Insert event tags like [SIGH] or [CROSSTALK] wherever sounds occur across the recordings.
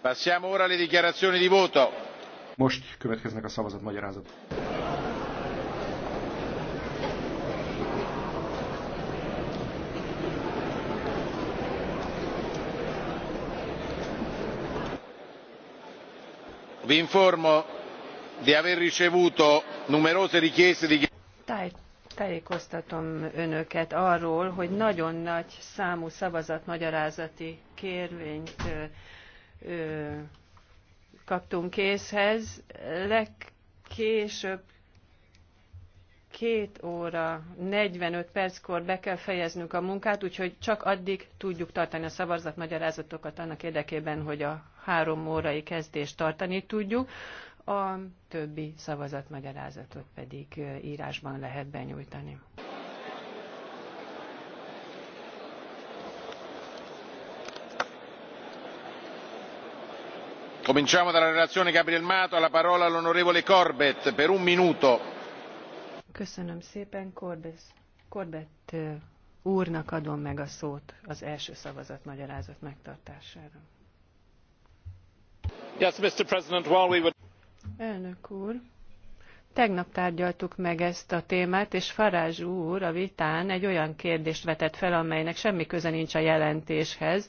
Passiamo ora alle dichiarazioni di voto. Most következnek a szavazat magyarázat. Vi informo di aver ricevuto numerose richieste di tájékoztatom önöket arról, hogy nagyon nagy számú szavazatmagyarázati kérvényt ö, kaptunk készhez. Legkésőbb két óra 45 perckor be kell fejeznünk a munkát, úgyhogy csak addig tudjuk tartani a szavazatmagyarázatokat annak érdekében, hogy a három órai kezdést tartani tudjuk. A többi szavazatmagyarázatot pedig írásban lehet benyújtani. cominciamo dalla relazione gabriel mato ha la parola l'onorevole corbett per un minuto. köszönöm szépen corbett, uh, úrnak adom meg a szót az első szavazatmagyarázat megtartására. Yes, Mr. President, while we were... Elnök úr, tegnap tárgyaltuk meg ezt a témát, és farage úr a vitán egy olyan kérdést vetett fel, amelynek semmi köze nincs a jelentéshez,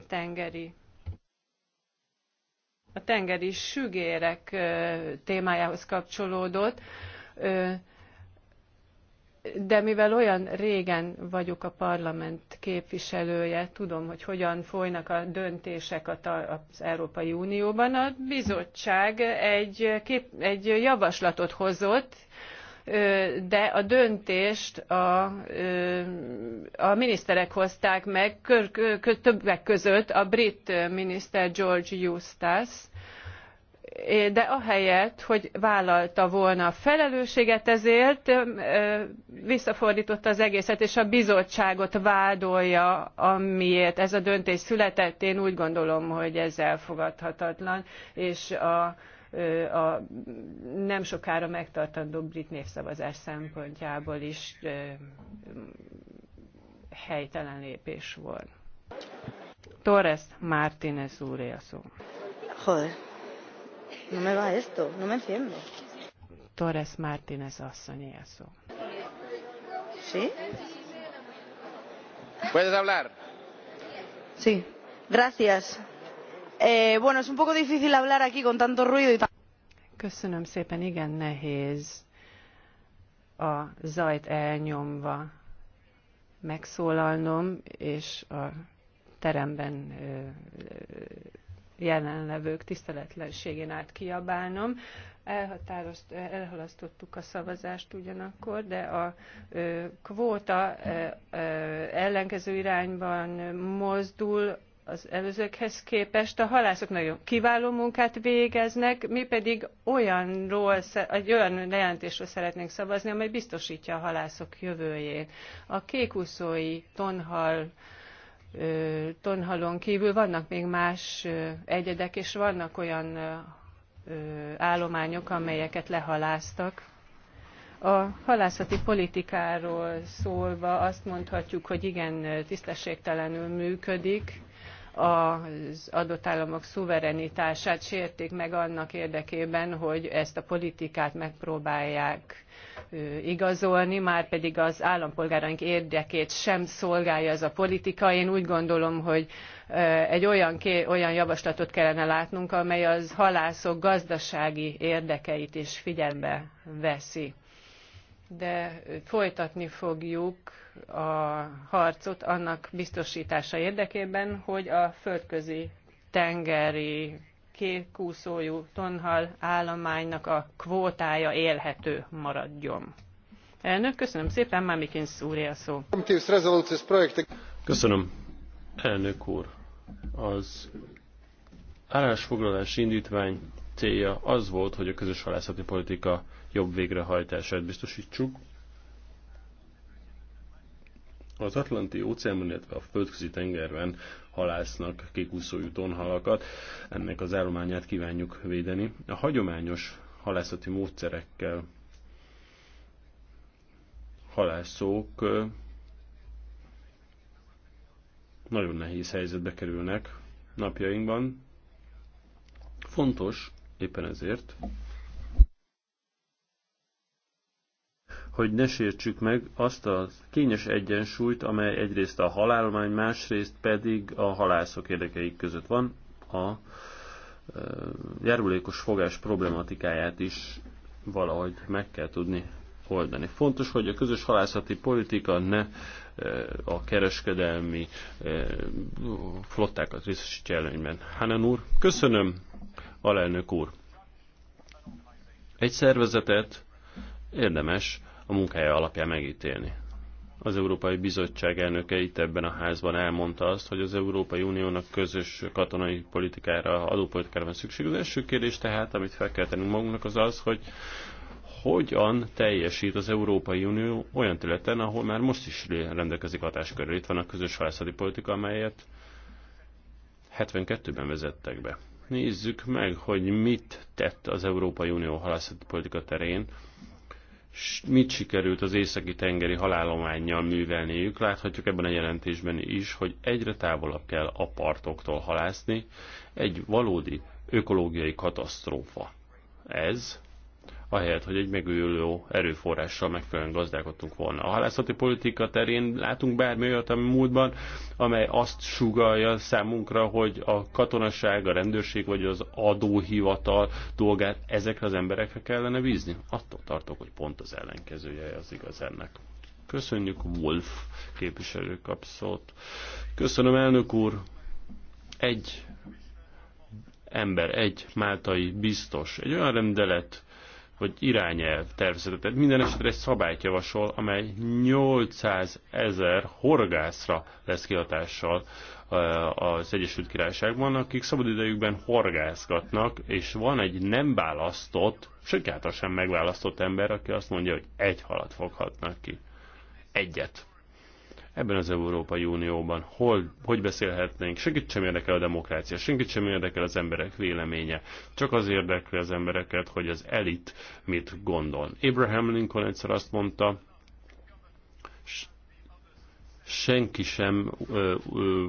a tengeri a tengeri sügérek témájához kapcsolódott, de mivel olyan régen vagyok a parlament képviselője, tudom, hogy hogyan folynak a döntések az Európai Unióban. A bizottság egy, kép, egy javaslatot hozott, de a döntést a, a miniszterek hozták meg, többek között a brit miniszter George Eustace, de ahelyett, hogy vállalta volna a felelősséget ezért, visszafordította az egészet, és a bizottságot vádolja, amiért ez a döntés született. Én úgy gondolom, hogy ez elfogadhatatlan, és a a nem sokára megtartandó brit népszavazás szempontjából is helytelen lépés volt. Torres Martínez úré a szó. no me va esto, no me entiendo. Torres Martínez asszonyé a szó. Sí? Puedes hablar. Sí, gracias. Eh, bueno, es un poco difícil hablar aquí con tanto ruido y Köszönöm szépen, igen nehéz a zajt elnyomva megszólalnom, és a teremben jelenlevők tiszteletlenségén át kiabálnom. Elhatározt, elhalasztottuk a szavazást ugyanakkor, de a kvóta ellenkező irányban mozdul, az előzőkhez képest a halászok nagyon kiváló munkát végeznek, mi pedig olyanról, egy olyan jelentésről szeretnénk szavazni, amely biztosítja a halászok jövőjét. A kékúszói tonhal tonhalon kívül vannak még más egyedek, és vannak olyan állományok, amelyeket lehaláztak. A halászati politikáról szólva azt mondhatjuk, hogy igen, tisztességtelenül működik, az adott államok szuverenitását sértik meg annak érdekében, hogy ezt a politikát megpróbálják igazolni, már pedig az állampolgáraink érdekét sem szolgálja ez a politika. Én úgy gondolom, hogy egy olyan, olyan javaslatot kellene látnunk, amely az halászok gazdasági érdekeit is figyelembe veszi de folytatni fogjuk a harcot annak biztosítása érdekében, hogy a földközi tengeri kékúszójú tonhal állománynak a kvótája élhető maradjon. Elnök, köszönöm szépen, Mamikin úr a szó. Köszönöm, elnök úr. Az állásfoglalási indítvány célja az volt, hogy a közös halászati politika jobb végrehajtását biztosítsuk. Az Atlanti óceánban, illetve a földközi tengerben halásznak kékúszójú tonhalakat, ennek az állományát kívánjuk védeni. A hagyományos halászati módszerekkel halászók nagyon nehéz helyzetbe kerülnek napjainkban. Fontos éppen ezért, hogy ne sértsük meg azt a kényes egyensúlyt, amely egyrészt a halállomány, másrészt pedig a halászok érdekeik között van, a járulékos fogás problematikáját is valahogy meg kell tudni oldani. Fontos, hogy a közös halászati politika ne a kereskedelmi flottákat részesítse előnyben. Hanan úr, köszönöm, alelnök úr. Egy szervezetet érdemes a munkája alapján megítélni. Az Európai Bizottság elnöke itt ebben a házban elmondta azt, hogy az Európai Uniónak közös katonai politikára, adópolitikára van szükség. Az első kérdés tehát, amit fel kell tennünk magunknak, az az, hogy hogyan teljesít az Európai Unió olyan területen, ahol már most is rendelkezik hatáskörül. Itt van a közös halászati politika, amelyet 72-ben vezettek be. Nézzük meg, hogy mit tett az Európai Unió halászati politika terén mit sikerült az északi tengeri halálományjal művelniük. Láthatjuk ebben a jelentésben is, hogy egyre távolabb kell a partoktól halászni. Egy valódi ökológiai katasztrófa. Ez ahelyett, hogy egy megújuló erőforrással megfelelően gazdálkodtunk volna. A halászati politika terén látunk bármi olyat, ami múltban, amely azt sugalja számunkra, hogy a katonaság, a rendőrség vagy az adóhivatal dolgát ezekre az emberekre kellene bízni. Attól tartok, hogy pont az ellenkezője az igaz ennek. Köszönjük Wolf képviselő kapszót. Köszönöm elnök úr. Egy ember, egy máltai biztos, egy olyan rendelet vagy irányelv tervezetet. Minden esetre egy szabályt javasol, amely 800 ezer horgászra lesz kihatással eh, az Egyesült Királyságban, akik szabadidejükben horgászgatnak, és van egy nem választott, sőt hát sem megválasztott ember, aki azt mondja, hogy egy halat foghatnak ki. Egyet ebben az Európai Unióban hol, hogy beszélhetnénk, senkit sem érdekel a demokrácia, senkit sem érdekel az emberek véleménye, csak az érdekli az embereket, hogy az elit mit gondol. Abraham Lincoln egyszer azt mondta, senki sem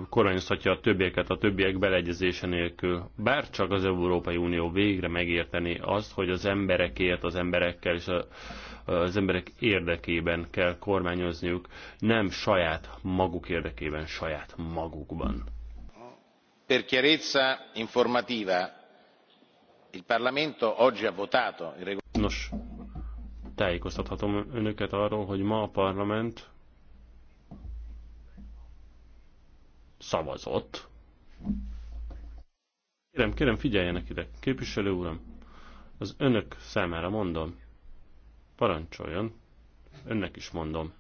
koronyozhatja a többieket a többiek beleegyezése nélkül. Bár csak az Európai Unió végre megérteni azt, hogy az emberekért, az emberekkel és a, az emberek érdekében kell kormányozniuk, nem saját maguk érdekében, saját magukban. Per chiarezza informativa, il Parlamento oggi ha votato. Nos, tájékoztathatom önöket arról, hogy ma a parlament szavazott. Kérem, kérem, figyeljenek ide. Képviselő uram, az önök számára mondom. Parancsoljon. Önnek is mondom.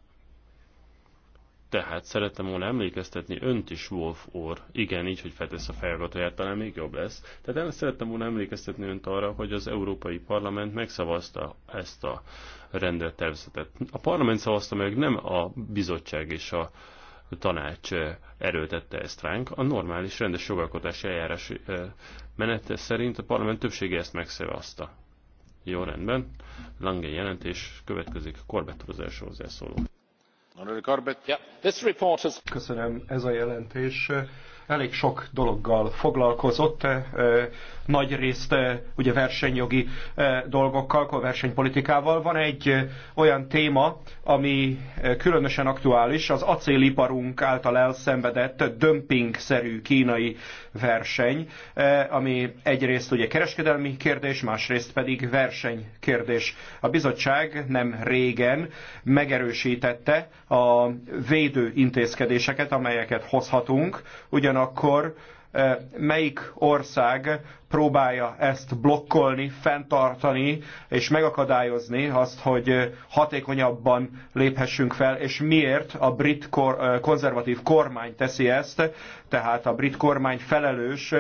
Tehát szerettem volna emlékeztetni önt is, Wolf Orr. Igen, így, hogy feltesz a fejhallgatóját, talán még jobb lesz. Tehát el szerettem volna emlékeztetni önt arra, hogy az Európai Parlament megszavazta ezt a rendeltervezetet. A parlament szavazta meg, nem a bizottság és a tanács erőltette ezt ránk. A normális, rendes jogalkotási eljárás menete szerint a parlament többsége ezt megszevazta. Jó rendben. Lange jelentés következik. Corbett úr az első hozzászóló. Köszönöm. Ez a jelentés elég sok dologgal foglalkozott, eh, eh, nagy részt eh, ugye versenyjogi dolgokkal, versenypolitikával. Van egy olyan téma, ami különösen aktuális, az acéliparunk által elszenvedett dömpingszerű kínai verseny, ami egyrészt ugye kereskedelmi kérdés, másrészt pedig versenykérdés. A bizottság nem régen megerősítette a védő intézkedéseket, amelyeket hozhatunk, ugyan ugyanakkor eh, melyik ország próbálja ezt blokkolni, fenntartani és megakadályozni azt, hogy eh, hatékonyabban léphessünk fel, és miért a brit kor, eh, konzervatív kormány teszi ezt, tehát a brit kormány felelős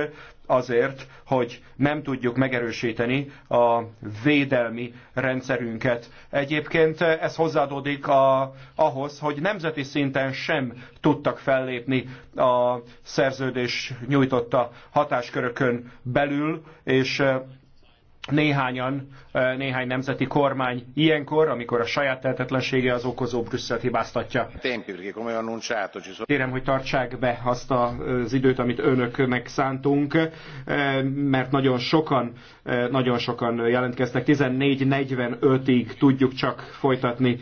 azért, hogy nem tudjuk megerősíteni a védelmi rendszerünket. Egyébként ez hozzáadódik a, ahhoz, hogy nemzeti szinten sem tudtak fellépni a szerződés nyújtotta hatáskörökön belül, és néhányan, néhány nemzeti kormány ilyenkor, amikor a saját tehetetlensége az okozó Brüsszelt hibáztatja. Kérem, hogy tartsák be azt az időt, amit önöknek szántunk, mert nagyon sokan, nagyon sokan jelentkeztek. 14.45-ig tudjuk csak folytatni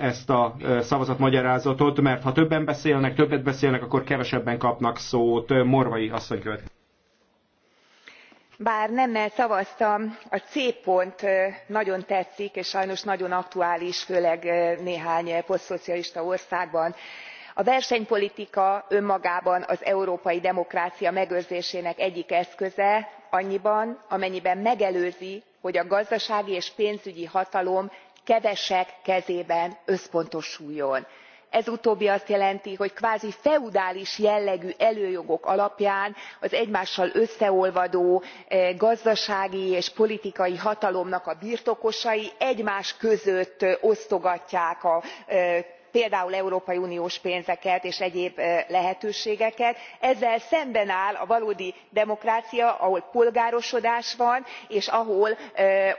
ezt a szavazatmagyarázatot, mert ha többen beszélnek, többet beszélnek, akkor kevesebben kapnak szót. Morvai asszony következik bár nemmel szavaztam a c pont nagyon tetszik és sajnos nagyon aktuális főleg néhány posztszocialista országban. a versenypolitika önmagában az európai demokrácia megőrzésének egyik eszköze annyiban amennyiben megelőzi hogy a gazdasági és pénzügyi hatalom kevesek kezében összpontosuljon ez utóbbi azt jelenti hogy kvázi feudális jellegű előjogok alapján az egymással összeolvadó eh, gazdasági és politikai hatalomnak a birtokosai egymás között eh, osztogatják a eh, például európai uniós pénzeket és egyéb lehetőségeket ezzel szemben áll a valódi demokrácia ahol polgárosodás van és ahol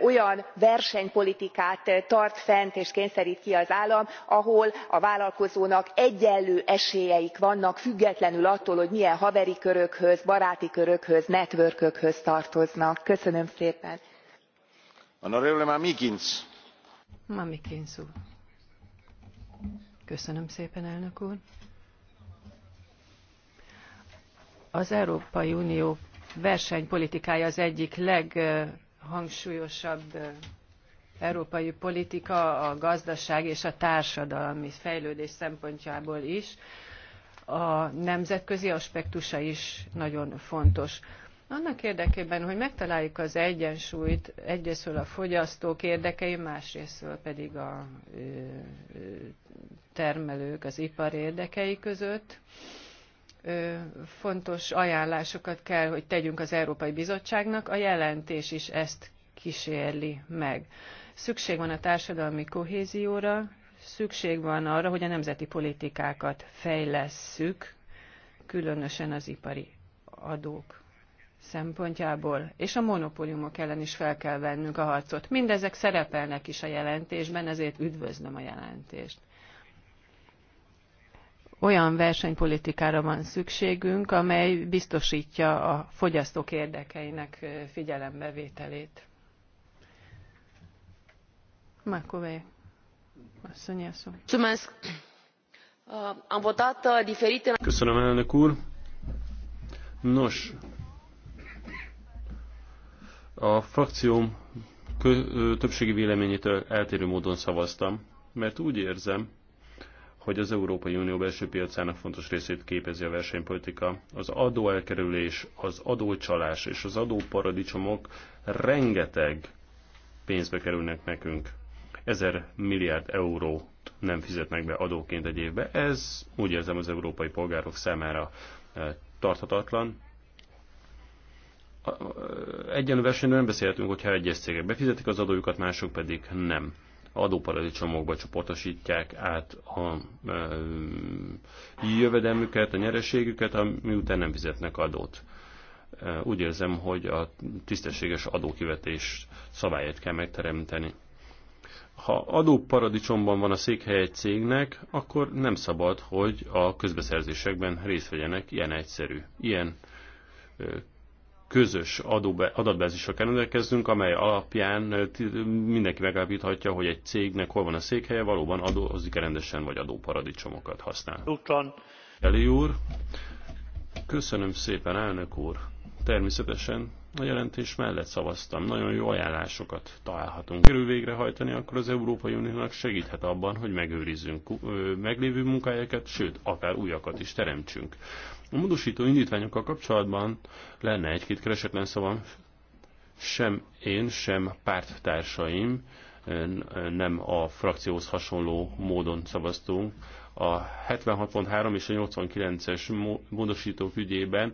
olyan versenypolitikát tart fent és kényszert ki az állam ahol a vállalkozónak egyenlő esélyeik vannak függetlenül attól hogy milyen haveri körökhöz baráti körökhöz ökhöz tartoznak. köszönöm szépen! Köszönöm szépen, elnök úr. Az Európai Unió versenypolitikája az egyik leghangsúlyosabb európai politika a gazdaság és a társadalmi fejlődés szempontjából is. A nemzetközi aspektusa is nagyon fontos. Annak érdekében, hogy megtaláljuk az egyensúlyt egyrésztről a fogyasztók érdekei, másrészt pedig a termelők, az ipar érdekei között, fontos ajánlásokat kell, hogy tegyünk az Európai Bizottságnak, a jelentés is ezt kísérli meg. Szükség van a társadalmi kohézióra, szükség van arra, hogy a nemzeti politikákat fejlesszük, különösen az ipari adók szempontjából, és a monopóliumok ellen is fel kell vennünk a harcot. Mindezek szerepelnek is a jelentésben, ezért üdvözlöm a jelentést. Olyan versenypolitikára van szükségünk, amely biztosítja a fogyasztók érdekeinek figyelembevételét. Mákové, asszony, szó. Am uh, Köszönöm, elnök úr. Nos, a frakcióm többségi véleményétől eltérő módon szavaztam, mert úgy érzem, hogy az Európai Unió belső piacának fontos részét képezi a versenypolitika. Az adóelkerülés, az adócsalás és az adóparadicsomok rengeteg pénzbe kerülnek nekünk. Ezer milliárd eurót nem fizetnek be adóként egy évbe. Ez úgy érzem az európai polgárok számára tarthatatlan, egyenlő versenyről nem beszélhetünk, hogyha egyes cégek befizetik az adójukat, mások pedig nem. Adóparadicsomokba csoportosítják át a e, jövedelmüket, a nyereségüket, miután nem fizetnek adót. E, úgy érzem, hogy a tisztességes adókivetés szabályát kell megteremteni. Ha adóparadicsomban van a székhely egy cégnek, akkor nem szabad, hogy a közbeszerzésekben részt vegyenek. Ilyen egyszerű. Ilyen e, közös adatbázisra kell rendelkeznünk, amely alapján mindenki megállapíthatja, hogy egy cégnek hol van a székhelye, valóban adózik-e rendesen, vagy adóparadicsomokat használ. Luton. Eli úr, köszönöm szépen, elnök úr. Természetesen a jelentés mellett szavaztam. Nagyon jó ajánlásokat találhatunk. Körül végrehajtani, akkor az Európai Uniónak segíthet abban, hogy megőrizzünk meglévő munkahelyeket, sőt, akár újakat is teremtsünk. A módosító indítványokkal kapcsolatban lenne egy-két keresetlen szavam. Sem én, sem párttársaim nem a frakcióhoz hasonló módon szavaztunk. A 76.3 és a 89-es módosítók ügyében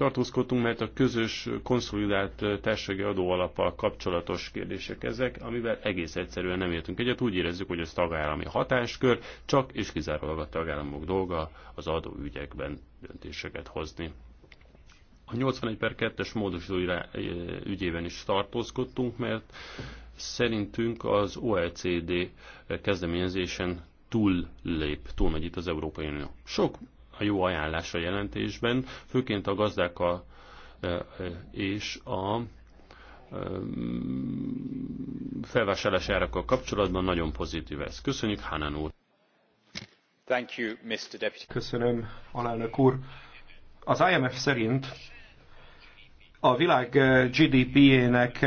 tartózkodtunk, mert a közös konszolidált társasági adóalappal kapcsolatos kérdések ezek, amivel egész egyszerűen nem értünk egyet. Úgy érezzük, hogy ez tagállami hatáskör, csak és kizárólag a tagállamok dolga az adóügyekben döntéseket hozni. A 81 per 2-es módosító ügyében is tartózkodtunk, mert szerintünk az OECD kezdeményezésen túl lép, túl megy itt az Európai Unió. Sok a jó ajánlás a jelentésben, főként a gazdákkal és a felvásárlás árakkal kapcsolatban nagyon pozitív ez. Köszönjük, Hanan úr! Thank you, Mr. Deputy. Köszönöm, alelnök úr! Az IMF szerint a világ GDP-ének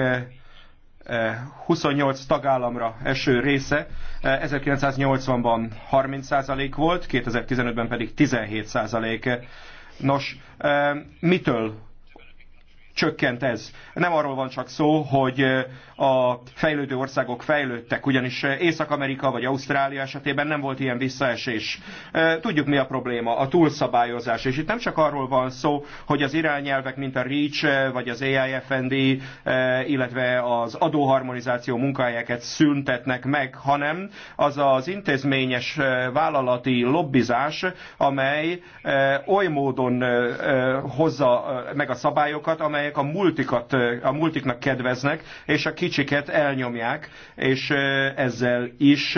28 tagállamra eső része 1980-ban eh, 30% volt, 2015-ben pedig 17%. Nos, eh, mitől csökkent ez. Nem arról van csak szó, hogy a fejlődő országok fejlődtek, ugyanis Észak-Amerika vagy Ausztrália esetében nem volt ilyen visszaesés. Tudjuk mi a probléma, a túlszabályozás. És itt nem csak arról van szó, hogy az irányelvek, mint a REACH vagy az AIFND, illetve az adóharmonizáció munkahelyeket szüntetnek meg, hanem az az intézményes vállalati lobbizás, amely oly módon hozza meg a szabályokat, amely amelyek a, multikat, a multiknak kedveznek, és a kicsiket elnyomják, és ezzel is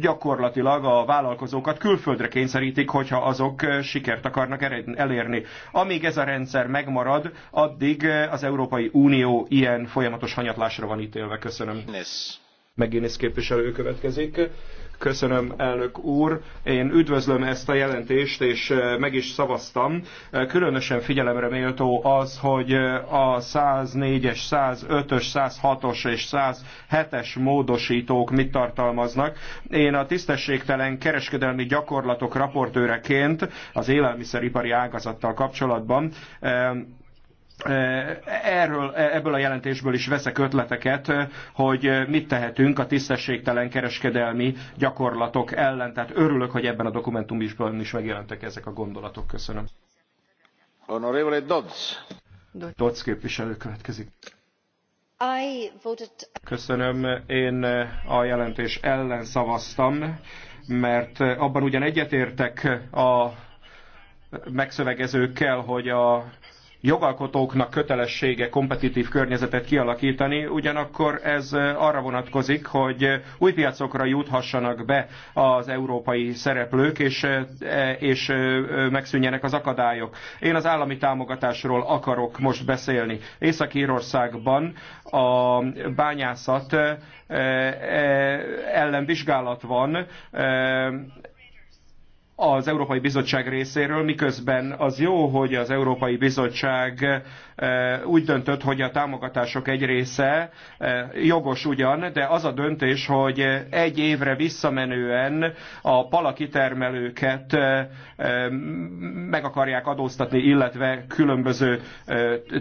gyakorlatilag a vállalkozókat külföldre kényszerítik, hogyha azok sikert akarnak elérni. Amíg ez a rendszer megmarad, addig az Európai Unió ilyen folyamatos hanyatlásra van ítélve. Köszönöm. Megint képviselő következik. Köszönöm, elnök úr. Én üdvözlöm ezt a jelentést, és meg is szavaztam. Különösen figyelemre méltó az, hogy a 104-es, 105-ös, 106-os és 107-es módosítók mit tartalmaznak. Én a tisztességtelen kereskedelmi gyakorlatok raportőreként az élelmiszeripari ágazattal kapcsolatban erről, e, ebből a jelentésből is veszek ötleteket, hogy mit tehetünk a tisztességtelen kereskedelmi gyakorlatok ellen. Tehát örülök, hogy ebben a dokumentumban is megjelentek ezek a gondolatok. Köszönöm. Honorable Dodds. Dodds képviselő következik. Köszönöm. Én a jelentés ellen szavaztam, mert abban ugyan egyetértek a megszövegezőkkel, hogy a jogalkotóknak kötelessége kompetitív környezetet kialakítani, ugyanakkor ez arra vonatkozik, hogy új piacokra juthassanak be az európai szereplők, és, e, és megszűnjenek az akadályok. Én az állami támogatásról akarok most beszélni. Észak-Írországban a bányászat ellen vizsgálat van, az Európai Bizottság részéről, miközben az jó, hogy az Európai Bizottság eh, úgy döntött, hogy a támogatások egy része eh, jogos ugyan, de az a döntés, hogy egy évre visszamenően a palakitermelőket eh, meg akarják adóztatni, illetve különböző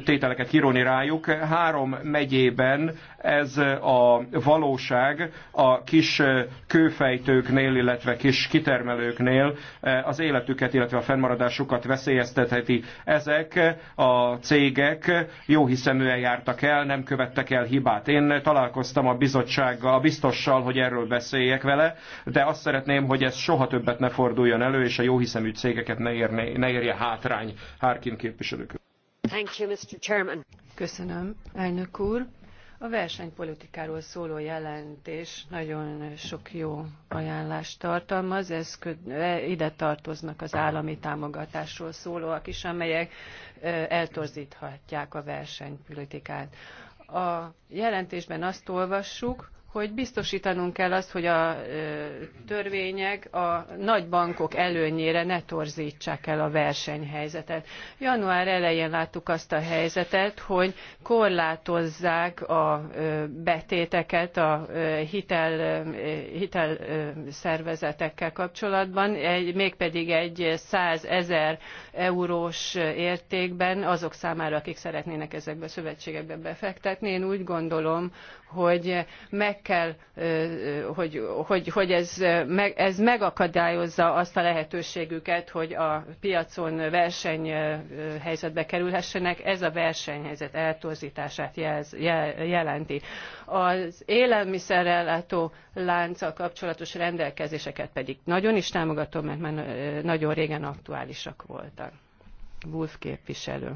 tételeket kiróni rájuk. Három megyében ez a valóság a kis kőfejtőknél, illetve kis kitermelőknél, Eh, az életüket, illetve a fennmaradásukat veszélyeztetheti. Ezek eh, a cégek jóhiszeműen jártak el, nem követtek el hibát. Én találkoztam a bizottsággal, a biztossal, hogy erről beszéljek vele, de azt szeretném, hogy ez soha többet ne forduljon elő, és a jóhiszemű cégeket ne, érne, ne érje hátrány Harkin képviselők. Thank you, Mr. Chairman. Köszönöm, elnök úr. A versenypolitikáról szóló jelentés nagyon sok jó ajánlást tartalmaz, ez e, ide tartoznak az állami támogatásról szólóak is, amelyek e, eltorzíthatják a versenypolitikát. A jelentésben azt olvassuk, hogy biztosítanunk kell azt, hogy a törvények a nagy bankok előnyére ne torzítsák el a versenyhelyzetet. Január elején láttuk azt a helyzetet, hogy korlátozzák a betéteket a hitel, hitel szervezetekkel kapcsolatban, egy, mégpedig egy 100 ezer eurós értékben azok számára, akik szeretnének ezekbe a szövetségekbe befektetni. Én úgy gondolom, hogy meg kell, hogy, hogy, hogy ez, ez megakadályozza azt a lehetőségüket, hogy a piacon versenyhelyzetbe kerülhessenek. Ez a versenyhelyzet eltorzítását jelz, jel, jelenti. Az élelmiszerrellátó lánca kapcsolatos rendelkezéseket pedig nagyon is támogatom, mert már nagyon régen aktuálisak voltak. Wolf képviselő.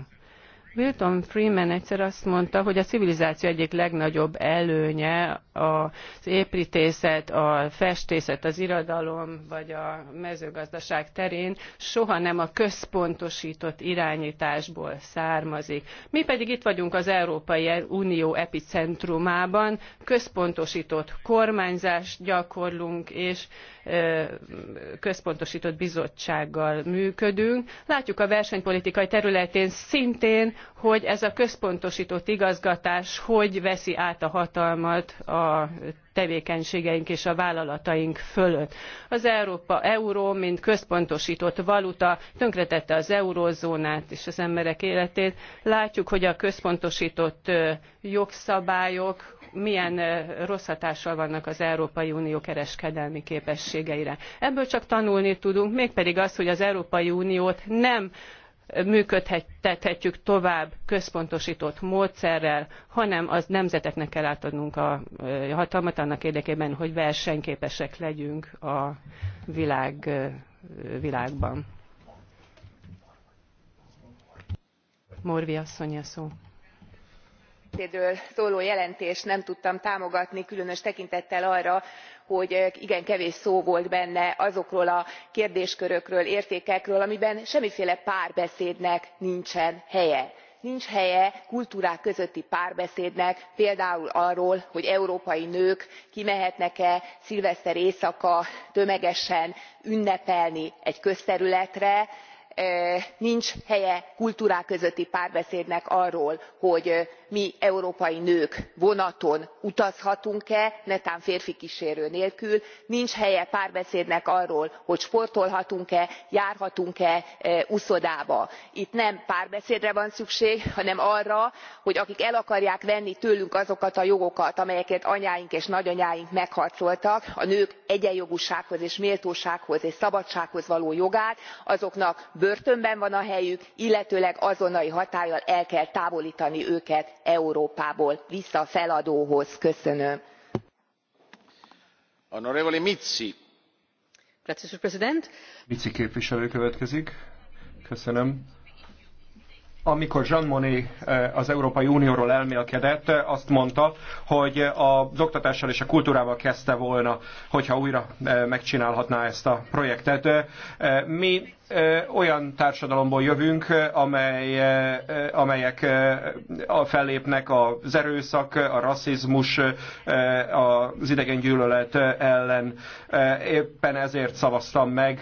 Milton Freeman egyszer azt mondta, hogy a civilizáció egyik legnagyobb előnye az építészet, a festészet, az irodalom vagy a mezőgazdaság terén soha nem a központosított irányításból származik. Mi pedig itt vagyunk az Európai Unió epicentrumában, központosított kormányzást gyakorlunk és központosított bizottsággal működünk. Látjuk a versenypolitikai területén szintén, hogy ez a központosított igazgatás hogy veszi át a hatalmat a tevékenységeink és a vállalataink fölött. Az Európa euró, mint központosított valuta tönkretette az eurózónát és az emberek életét. Látjuk, hogy a központosított jogszabályok milyen rossz hatással vannak az Európai Unió kereskedelmi képességeire. Ebből csak tanulni tudunk, mégpedig az, hogy az Európai Uniót nem működtethetjük tovább központostott módszerrel, hanem az nemzeteknek kell átadnunk a hatalmat annak érdekében, hogy versenyképesek legyünk a világ, világban. Morvi asszony a szó szóló jelentést nem tudtam támogatni különös tekintettel arra hogy eh, igen kevés szó volt benne azokról a kérdéskörökről értékekről amiben semmiféle párbeszédnek nincsen helye. nincs helye kultúrák közötti párbeszédnek például arról hogy európai nők kimehetnek e szilveszter éjszaka tömegesen ünnepelni egy közterületre E, nincs helye kultúrák közötti párbeszédnek arról hogy e, mi európai nők vonaton utazhatunk e netán férfikksérő nélkül nincs helye párbeszédnek arról hogy sportolhatunk e járhatunk e uszodába. itt nem párbeszédre van szükség hanem arra hogy akik el akarják venni tőlünk azokat a jogokat amelyeket anyáink és nagyanyáink megharcoltak a nők egyenjogúsághoz és méltósághoz és szabadsághoz való jogát azoknak börtönben van a helyük illetőleg azonnali hatállyal el kell távoltani őket európából vissza a feladóhoz. köszönöm. képviselő következik. Köszönöm amikor Jean Monnet eh, az Európai Unióról elmélkedett, eh, azt mondta, hogy eh, az oktatással és a kultúrával kezdte volna, hogyha újra megcsinálhatná ezt a projektet. Mi olyan társadalomból jövünk, amely, amelyek fellépnek az erőszak, a rasszizmus, az gyűlölet ellen. Éppen ezért szavaztam meg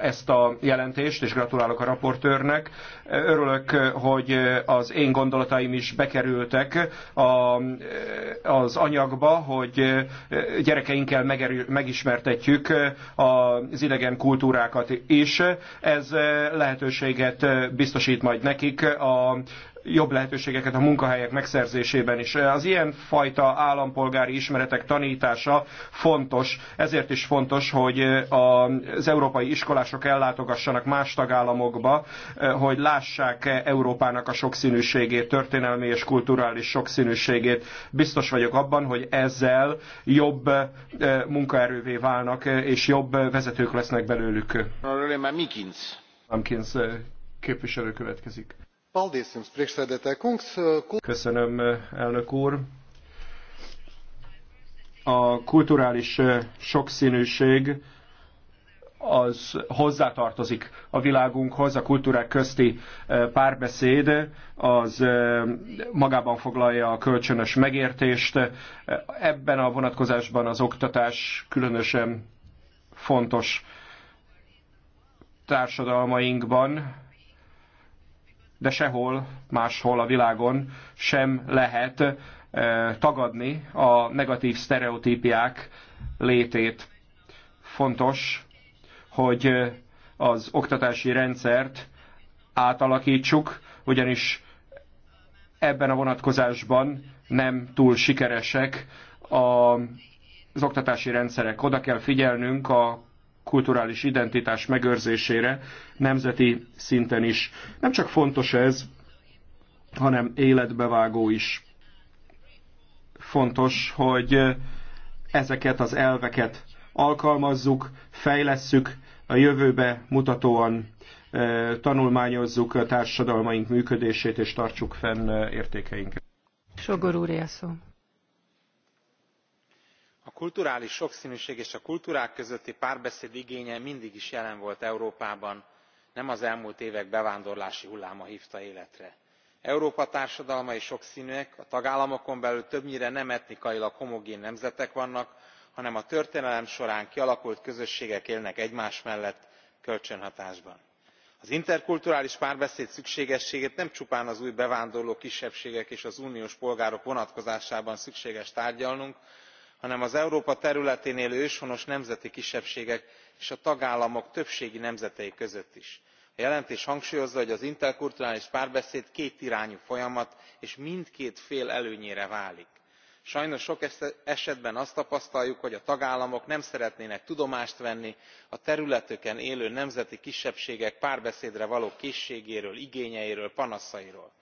ezt a jelentést, és gratulálok a raportőrnek. Örülök, hogy az én gondolataim is bekerültek az anyagba, hogy gyerekeinkkel megismertetjük az idegen kultúrákat is ez eh, lehetőséget eh, biztosít majd nekik a jobb lehetőségeket a munkahelyek megszerzésében is. Az ilyen fajta állampolgári ismeretek tanítása fontos, ezért is fontos, hogy az európai iskolások ellátogassanak más tagállamokba, hogy lássák e Európának a sokszínűségét, történelmi és kulturális sokszínűségét. Biztos vagyok abban, hogy ezzel jobb munkaerővé válnak, és jobb vezetők lesznek belőlük. Mamkins képviselő következik. Köszönöm, elnök úr. A kulturális eh, sokszínűség az hozzátartozik a világunkhoz, a kultúrák közti eh, párbeszéd az eh, magában foglalja a kölcsönös megértést. Ebben a vonatkozásban az oktatás különösen fontos társadalmainkban de sehol máshol a világon sem lehet eh, tagadni a negatív sztereotípiák létét. Fontos, hogy eh, az oktatási rendszert átalakítsuk, ugyanis ebben a vonatkozásban nem túl sikeresek a, az oktatási rendszerek. Oda kell figyelnünk a kulturális identitás megőrzésére nemzeti szinten is. Nem csak fontos ez, hanem életbevágó is. Fontos, hogy ezeket az elveket alkalmazzuk, fejlesszük, a jövőbe mutatóan tanulmányozzuk a társadalmaink működését és tartsuk fenn értékeinket. Sogor úr, a kulturális soksznűség és a kultúrák közötti párbeszéd igénye mindig is jelen volt európában nem az elmúlt évek bevándorlási hulláma hvta életre. európa társadalmai soksznűek a tagállamokon belül többnyire nem etnikailag homogén nemzetek vannak hanem a történelem során kialakult közösségek élnek egymás mellett kölcsönhatásban. az interkulturális párbeszéd szükségességét nem csupán az új bevándorló kisebbségek és az uniós polgárok vonatkozásában szükséges tárgyalnunk hanem az európa területén élő őshonos nemzeti kisebbségek és a tagállamok többségi nemzetei között is. a jelentés hangsúlyozza hogy az interkulturális párbeszéd kétirányú folyamat és mindkét fél előnyére válik. sajnos sok esetben azt tapasztaljuk hogy a tagállamok nem szeretnének tudomást venni a területükön élő nemzeti kisebbségek párbeszédre való készségéről igényeiről panaszairól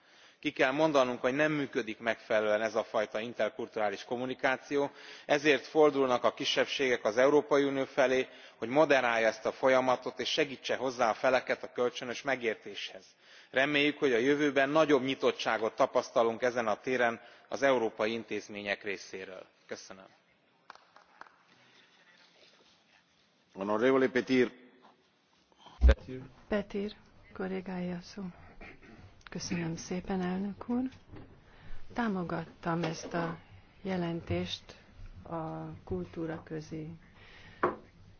ki kell mondanunk hogy nem működik megfelelően ez a fajta interkulturális kommunikáció ezért fordulnak a kisebbségek az európai unió felé hogy moderálja ezt a folyamatot és segtse hozzá a feleket a kölcsönös megértéshez. reméljük hogy a jövőben nagyobb nyitottságot tapasztalunk ezen a téren az európai intézmények részéről. köszönöm. petir Köszönöm szépen, elnök úr. Támogattam ezt a jelentést a kultúra közi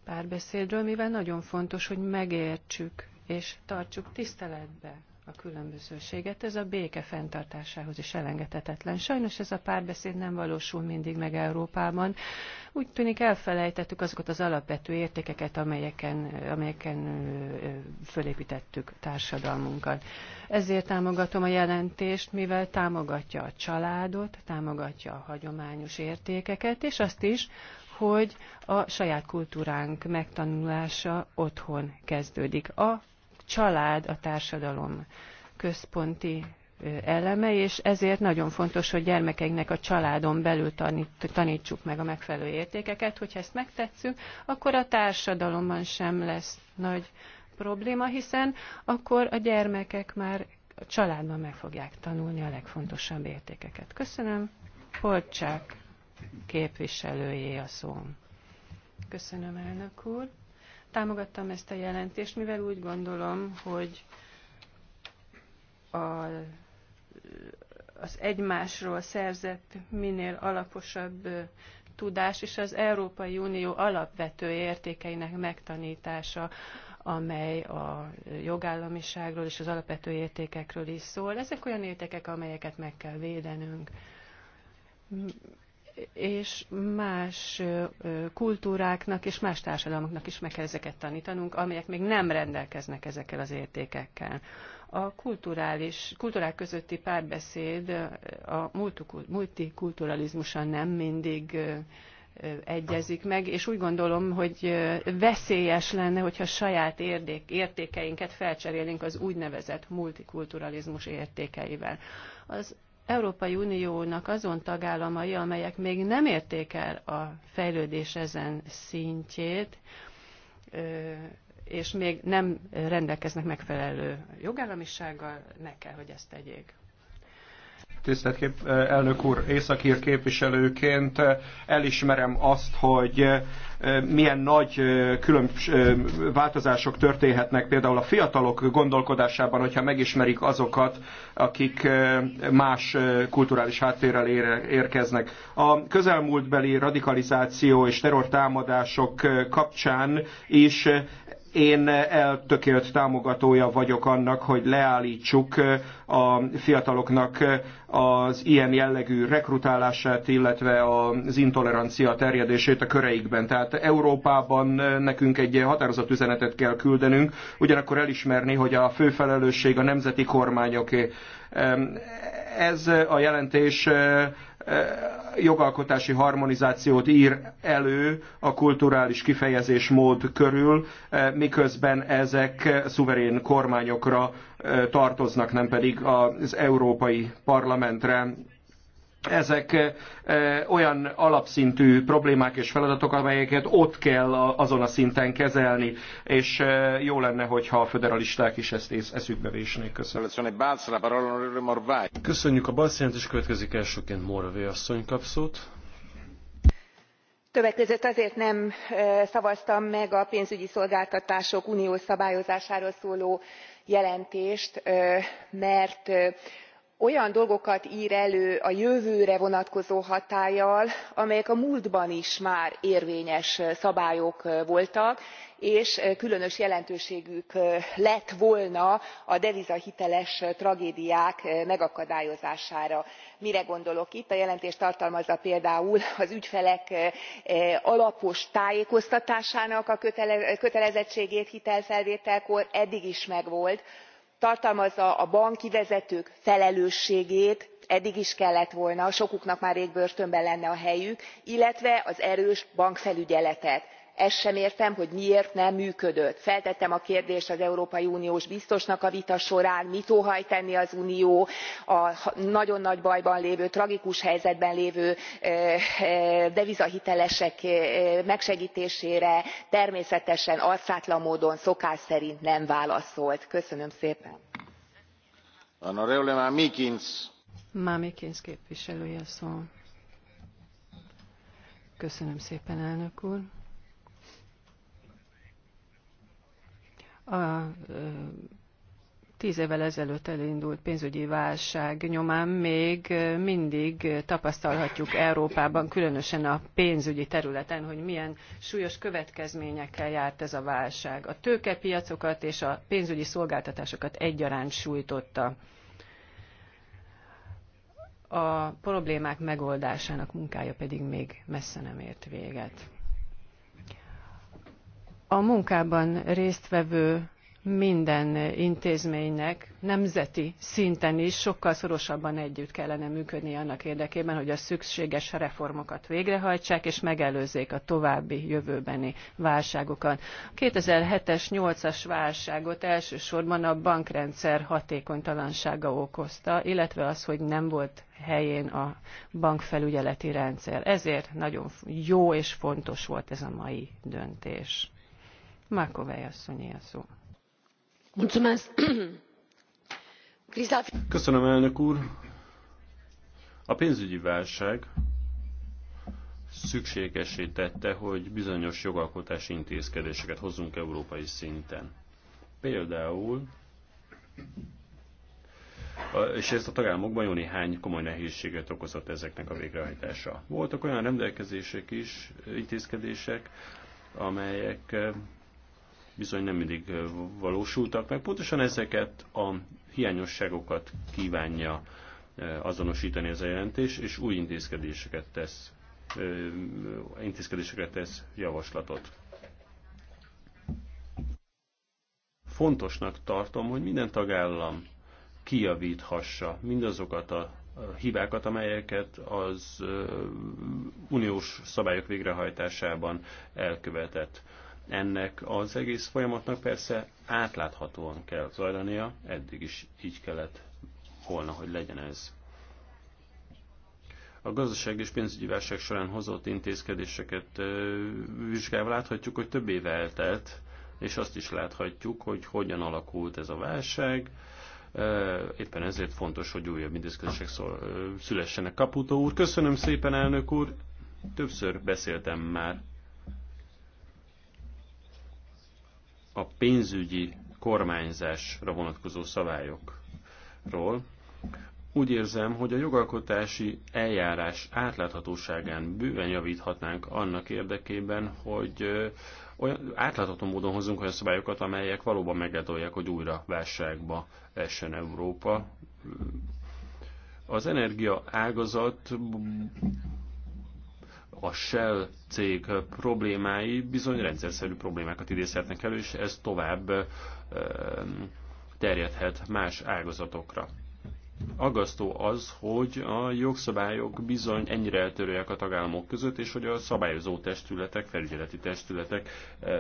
párbeszédről, mivel nagyon fontos, hogy megértsük és tartsuk tiszteletbe a különbözőséget. Ez a béke fenntartásához is elengedhetetlen. Sajnos ez a párbeszéd nem valósul mindig meg Európában. Úgy tűnik elfelejtettük azokat az alapvető értékeket, amelyeken, amelyeken fölépítettük társadalmunkat. Ezért támogatom a jelentést, mivel támogatja a családot, támogatja a hagyományos értékeket, és azt is, hogy a saját kultúránk megtanulása otthon kezdődik. A család a társadalom központi eleme, és ezért nagyon fontos, hogy gyermekeinknek a családon belül tanít, tanítsuk meg a megfelelő értékeket. Hogyha ezt megtetszünk, akkor a társadalomban sem lesz nagy probléma, hiszen akkor a gyermekek már a családban meg fogják tanulni a legfontosabb értékeket. Köszönöm. Polcsák képviselőjé a szó. Köszönöm, elnök úr. Támogattam ezt a jelentést, mivel úgy gondolom, hogy a, az egymásról szerzett minél alaposabb tudás és az Európai Unió alapvető értékeinek megtanítása, amely a jogállamiságról és az alapvető értékekről is szól. Ezek olyan értékek, amelyeket meg kell védenünk és más kultúráknak és más társadalmaknak is meg kell ezeket tanítanunk, amelyek még nem rendelkeznek ezekkel az értékekkel. A kulturális, kultúrák közötti párbeszéd a multikulturalizmusan nem mindig egyezik meg, és úgy gondolom, hogy veszélyes lenne, hogyha saját értékeinket felcserélnénk az úgynevezett multikulturalizmus értékeivel. Az Európai Uniónak azon tagállamai, amelyek még nem érték el a fejlődés ezen szintjét, és még nem rendelkeznek megfelelő jogállamisággal, meg kell, hogy ezt tegyék. Tisztelt kép, elnök úr, északír képviselőként eh, elismerem azt, hogy eh, milyen nagy eh, külön változások történhetnek például a fiatalok gondolkodásában, hogyha megismerik azokat, akik más kulturális háttérrel érkeznek. A közelmúltbeli radikalizáció és terrortámadások kapcsán is én eltökélt támogatója vagyok annak, hogy leállítsuk eh, a fiataloknak eh, az ilyen jellegű rekrutálását, illetve az intolerancia terjedését a köreikben. Tehát Európában eh, nekünk egy határozott üzenetet kell küldenünk, ugyanakkor elismerni, hogy a fő felelősség a nemzeti kormányoké. Ez a jelentés Eh, jogalkotási harmonizációt ír elő a kulturális kifejezés mód körül, eh, miközben ezek szuverén kormányokra eh, tartoznak, nem pedig az Európai Parlamentre ezek eh, eh, olyan alapszintű problémák és feladatok, amelyeket ott kell azon a szinten kezelni, és eh, jó lenne, hogyha a föderalisták is ezt eszükbe vésnék. Köszönöm. Köszönjük a balszint, és következik elsőként Morvé asszony kapszót. Többek között azért nem szavaztam meg a pénzügyi szolgáltatások uniós szabályozásáról szóló jelentést mert olyan dolgokat r elő a jövőre vonatkozó hatállyal amelyek a múltban is már érvényes szabályok voltak és különös jelentőségük lett volna a devizahiteles tragédiák megakadályozására. mire gondolok itt? a jelentés tartalmazza például az ügyfelek alapos tájékoztatásának a kötelezettségét hitelfelvételkor eddig is megvolt tartalmazza a banki vezetők felelősségét eddig is kellett volna sokuknak már rég börtönben lenne a helyük illetve az erős bankfelügyeletet ezt sem értem hogy miért nem működött. feltettem a kérdést az európai uniós biztosnak a vita során mit óhajt tenni az unió a nagyon nagy bajban lévő tragikus helyzetben lévő eh, eh, devizahitelesek eh, megsegtésére természetesen arcátlan módon szokás szerint nem válaszolt. köszönöm szépen! képviselője Köszönöm szépen, elnök úr. a tíz évvel ezelőtt elindult pénzügyi válság nyomán még mindig tapasztalhatjuk Európában, különösen a pénzügyi területen, hogy milyen súlyos következményekkel járt ez a válság. A tőkepiacokat és a pénzügyi szolgáltatásokat egyaránt sújtotta. A problémák megoldásának munkája pedig még messze nem ért véget a munkában résztvevő minden intézménynek nemzeti szinten is sokkal szorosabban együtt kellene működni annak érdekében, hogy a szükséges reformokat végrehajtsák és megelőzzék a további jövőbeni válságokat. A 2007-es, 8-as válságot elsősorban a bankrendszer hatékonytalansága okozta, illetve az, hogy nem volt helyén a bankfelügyeleti rendszer. Ezért nagyon jó és fontos volt ez a mai döntés asszonyé a szó. [CLEARS THROAT] Köszönöm, elnök úr. A pénzügyi válság szükségesé tette, hogy bizonyos jogalkotási intézkedéseket hozzunk európai szinten. Például, és ezt a tagállamokban jó néhány komoly nehézséget okozott ezeknek a végrehajtása. Voltak olyan rendelkezések is, intézkedések, amelyek bizony nem mindig valósultak meg. Pontosan ezeket a hiányosságokat kívánja azonosítani ez a jelentés, és új intézkedéseket tesz, intézkedéseket tesz javaslatot. Fontosnak tartom, hogy minden tagállam kiavíthassa mindazokat a hibákat, amelyeket az uniós szabályok végrehajtásában elkövetett. Ennek az egész folyamatnak persze átláthatóan kell zajlania, eddig is így kellett volna, hogy legyen ez. A gazdaság és pénzügyi válság során hozott intézkedéseket vizsgálva láthatjuk, hogy több éve eltelt, és azt is láthatjuk, hogy hogyan alakult ez a válság. Éppen ezért fontos, hogy újabb intézkedések szülessenek. Kaputó úr, köszönöm szépen, elnök úr! Többször beszéltem már a pénzügyi kormányzásra vonatkozó szabályokról. Úgy érzem, hogy a jogalkotási eljárás átláthatóságán bőven javíthatnánk annak érdekében, hogy olyan átlátható módon hozunk olyan szabályokat, amelyek valóban megadolják, hogy újra válságba essen Európa. Az energia ágazat a Shell cég problémái bizony rendszerszerű problémákat idézhetnek elő, és ez tovább terjedhet más ágazatokra. Agasztó az, hogy a jogszabályok bizony ennyire eltörőek a tagállamok között, és hogy a szabályozó testületek, felügyeleti testületek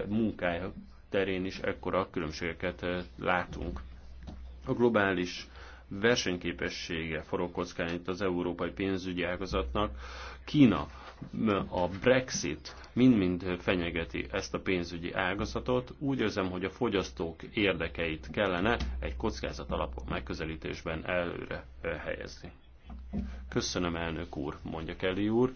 munkája terén is ekkora különbségeket látunk. A globális versenyképessége forog kockán itt az európai pénzügyi ágazatnak. Kína a Brexit mind-mind fenyegeti ezt a pénzügyi ágazatot. Úgy érzem, hogy a fogyasztók érdekeit kellene egy kockázat alapú megközelítésben előre eh, helyezni. Köszönöm, elnök úr, mondja Kelly úr.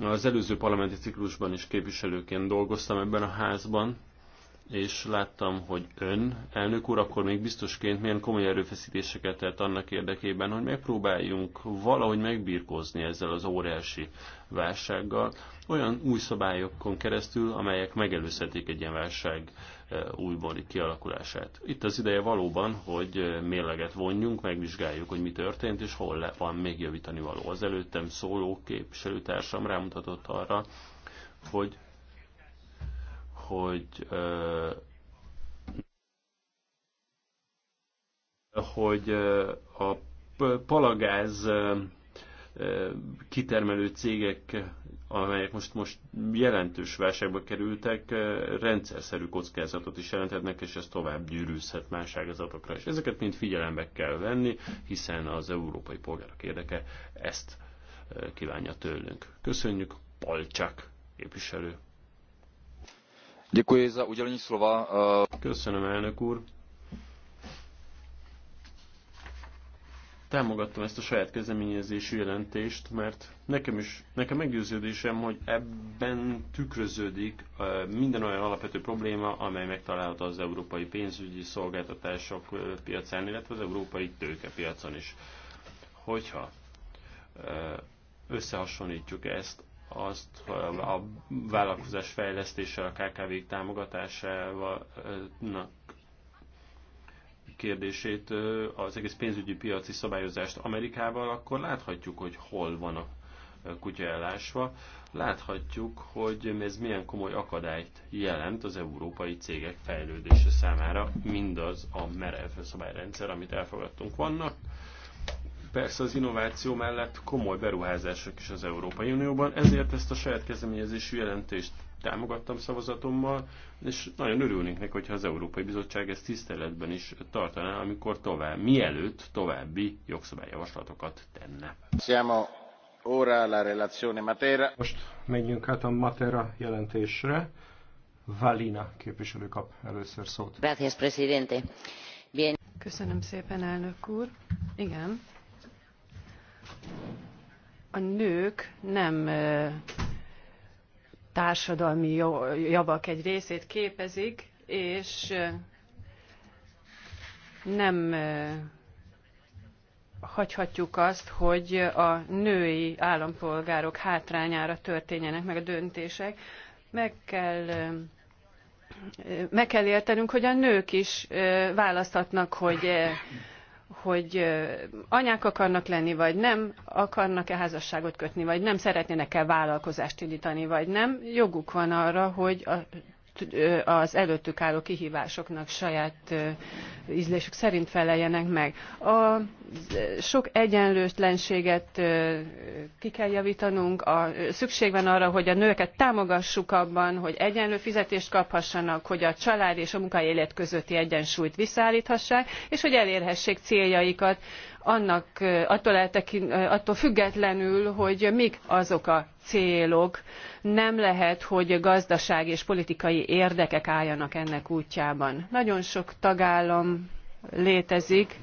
Az előző parlamenti ciklusban is képviselőként dolgoztam ebben a házban, és láttam, hogy ön, elnök úr, akkor még biztosként milyen komoly erőfeszítéseket tett annak érdekében, hogy megpróbáljunk valahogy megbírkozni ezzel az óriási válsággal, olyan új szabályokon keresztül, amelyek megelőzhetik egy ilyen válság e, újbóli kialakulását. Itt az ideje valóban, hogy e, mérleget vonjunk, megvizsgáljuk, hogy mi történt, és hol le van még javítani való. Az előttem szóló képviselőtársam rámutatott arra, hogy hogy hogy a palagáz kitermelő cégek, amelyek most, most jelentős válságba kerültek, rendszerszerű kockázatot is jelentetnek, és ez tovább gyűrűzhet más ágazatokra. És ezeket mind figyelembe kell venni, hiszen az európai polgárok érdeke ezt kívánja tőlünk. Köszönjük, Palcsak képviselő! Eh. Köszönöm, elnök úr. Támogattam ezt a saját kezdeményezésű jelentést, mert nekem is, nekem meggyőződésem, hogy ebben tükröződik eh, minden olyan alapvető probléma, amely megtalálható az európai pénzügyi szolgáltatások eh, piacán, illetve az európai tőkepiacon is. Hogyha összehasonlítjuk ezt azt a vállalkozás fejlesztéssel, a KKV-k támogatásával kérdését, az egész pénzügyi piaci szabályozást Amerikával, akkor láthatjuk, hogy hol van a kutya elásva. Láthatjuk, hogy ez milyen komoly akadályt jelent az európai cégek fejlődése számára, mindaz a merev szabályrendszer, amit elfogadtunk. Vannak persze az innováció mellett komoly beruházások is az Európai Unióban, ezért ezt a saját kezdeményezésű jelentést támogattam szavazatommal, és nagyon örülnénk neki, hogyha az Európai Bizottság ezt tiszteletben is tartaná, amikor tovább, mielőtt további jogszabályjavaslatokat tenne. Siamo ora la relazione Matera. Most menjünk át a Matera jelentésre. Valina képviselő kap először szót. Gracias, presidente. Bien. Köszönöm szépen, elnök úr. Igen, a nők nem társadalmi javak egy részét képezik, és nem hagyhatjuk azt, hogy a női állampolgárok hátrányára történjenek meg a döntések. Meg kell meg kell értenünk, hogy a nők is választhatnak, hogy hogy anyák akarnak lenni, vagy nem, akarnak-e házasságot kötni, vagy nem, szeretnének-e vállalkozást indítani, vagy nem. Joguk van arra, hogy a az előttük álló kihívásoknak saját ízlésük szerint feleljenek meg. A sok egyenlőtlenséget ki kell javítanunk, a, szükség van arra, hogy a nőket támogassuk abban, hogy egyenlő fizetést kaphassanak, hogy a család és a élet közötti egyensúlyt visszaállíthassák, és hogy elérhessék céljaikat, annak attól, attól függetlenül, hogy mik azok a célok, nem lehet, hogy gazdasági és politikai érdekek álljanak ennek útjában. Nagyon sok tagállam létezik,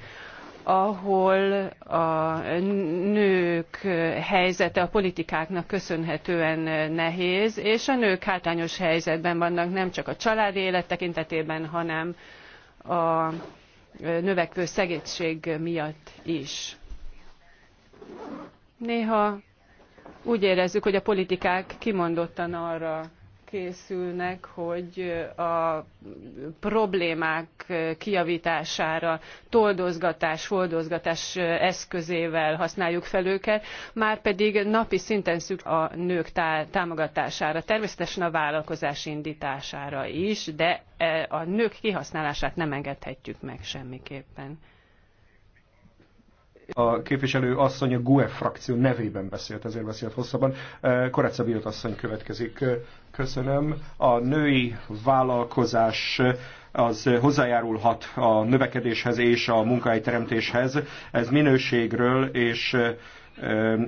ahol a nők helyzete a politikáknak köszönhetően nehéz, és a nők hátrányos helyzetben vannak nem csak a családi élet tekintetében, hanem a növekvő szegénység miatt is. Néha úgy érezzük, hogy a politikák kimondottan arra készülnek, hogy a problémák kiavítására toldozgatás, foldozgatás eszközével használjuk fel őket, már pedig napi szinten szükség a nők támogatására, természetesen a vállalkozás indítására is, de e- a nők kihasználását nem engedhetjük meg semmiképpen. A képviselő asszony a GUE frakció nevében beszélt, ezért beszélt hosszabban. Eh, Koreca Bilt asszony következik. Eh, Köszönöm. A női vállalkozás eh, az hozzájárulhat a növekedéshez és a munkahelyteremtéshez. Ez minőségről és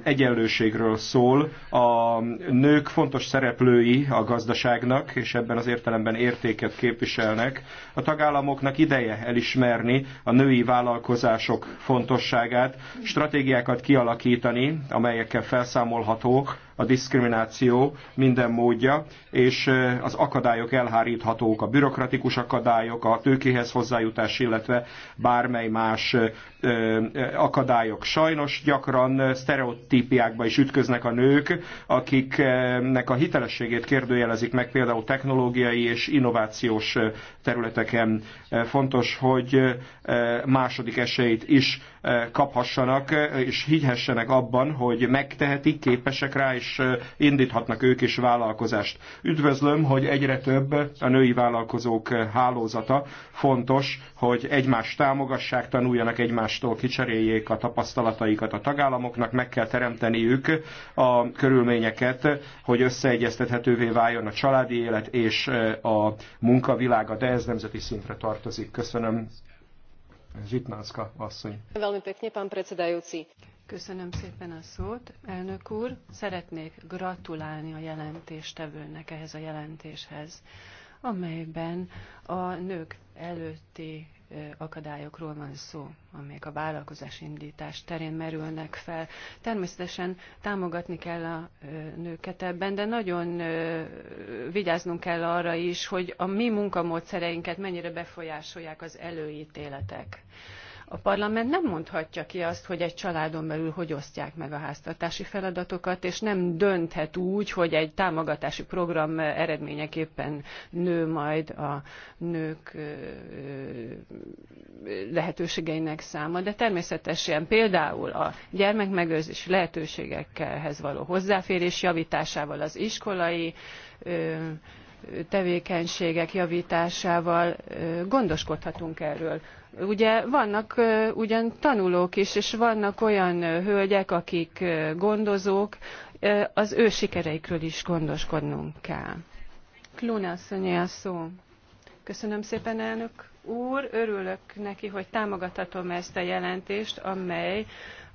egyenlőségről szól. A nők fontos szereplői a gazdaságnak, és ebben az értelemben értéket képviselnek. A tagállamoknak ideje elismerni a női vállalkozások fontosságát, stratégiákat kialakítani, amelyekkel felszámolhatók a diszkrimináció minden módja, és az akadályok elháríthatók, a bürokratikus akadályok, a tőkéhez hozzájutás, illetve bármely más akadályok. Sajnos gyakran sztereotípiákba is ütköznek a nők, akiknek a hitelességét kérdőjelezik meg például technológiai és innovációs területeken. Fontos, hogy második esélyt is kaphassanak, és higgyessenek abban, hogy megtehetik, képesek rá, és és indíthatnak ők is vállalkozást. Üdvözlöm, hogy egyre több a női vállalkozók hálózata. Fontos, hogy egymást támogassák, tanuljanak egymástól, kicseréljék a tapasztalataikat a tagállamoknak, meg kell teremteniük a körülményeket, hogy összeegyeztethetővé váljon a családi élet és a munkavilága, de ez nemzeti szintre tartozik. Köszönöm. Zsitnánszka asszony. Veľmi pekne, pán predsedajúci. Köszönöm szépen a szót, elnök úr. Szeretnék gratulálni a jelentéstevőnek ehhez a jelentéshez, amelyben a nők előtti akadályokról van szó, amelyek a vállalkozás indítás terén merülnek fel. Természetesen támogatni kell a nőket ebben, de nagyon vigyáznunk kell arra is, hogy a mi munkamódszereinket mennyire befolyásolják az előítéletek a parlament nem mondhatja ki azt, hogy egy családon belül hogy osztják meg a háztartási feladatokat, és nem dönthet úgy, hogy egy támogatási program eredményeképpen nő majd a nők lehetőségeinek száma. De természetesen például a gyermekmegőrzési lehetőségekhez való hozzáférés javításával, az iskolai tevékenységek javításával gondoskodhatunk erről Ugye vannak ugyan tanulók is, és vannak olyan hölgyek, akik gondozók, az ő sikereikről is gondoskodnunk kell. Klóna asszonyé a szó. Köszönöm szépen, elnök úr. Örülök neki, hogy támogathatom ezt a jelentést, amely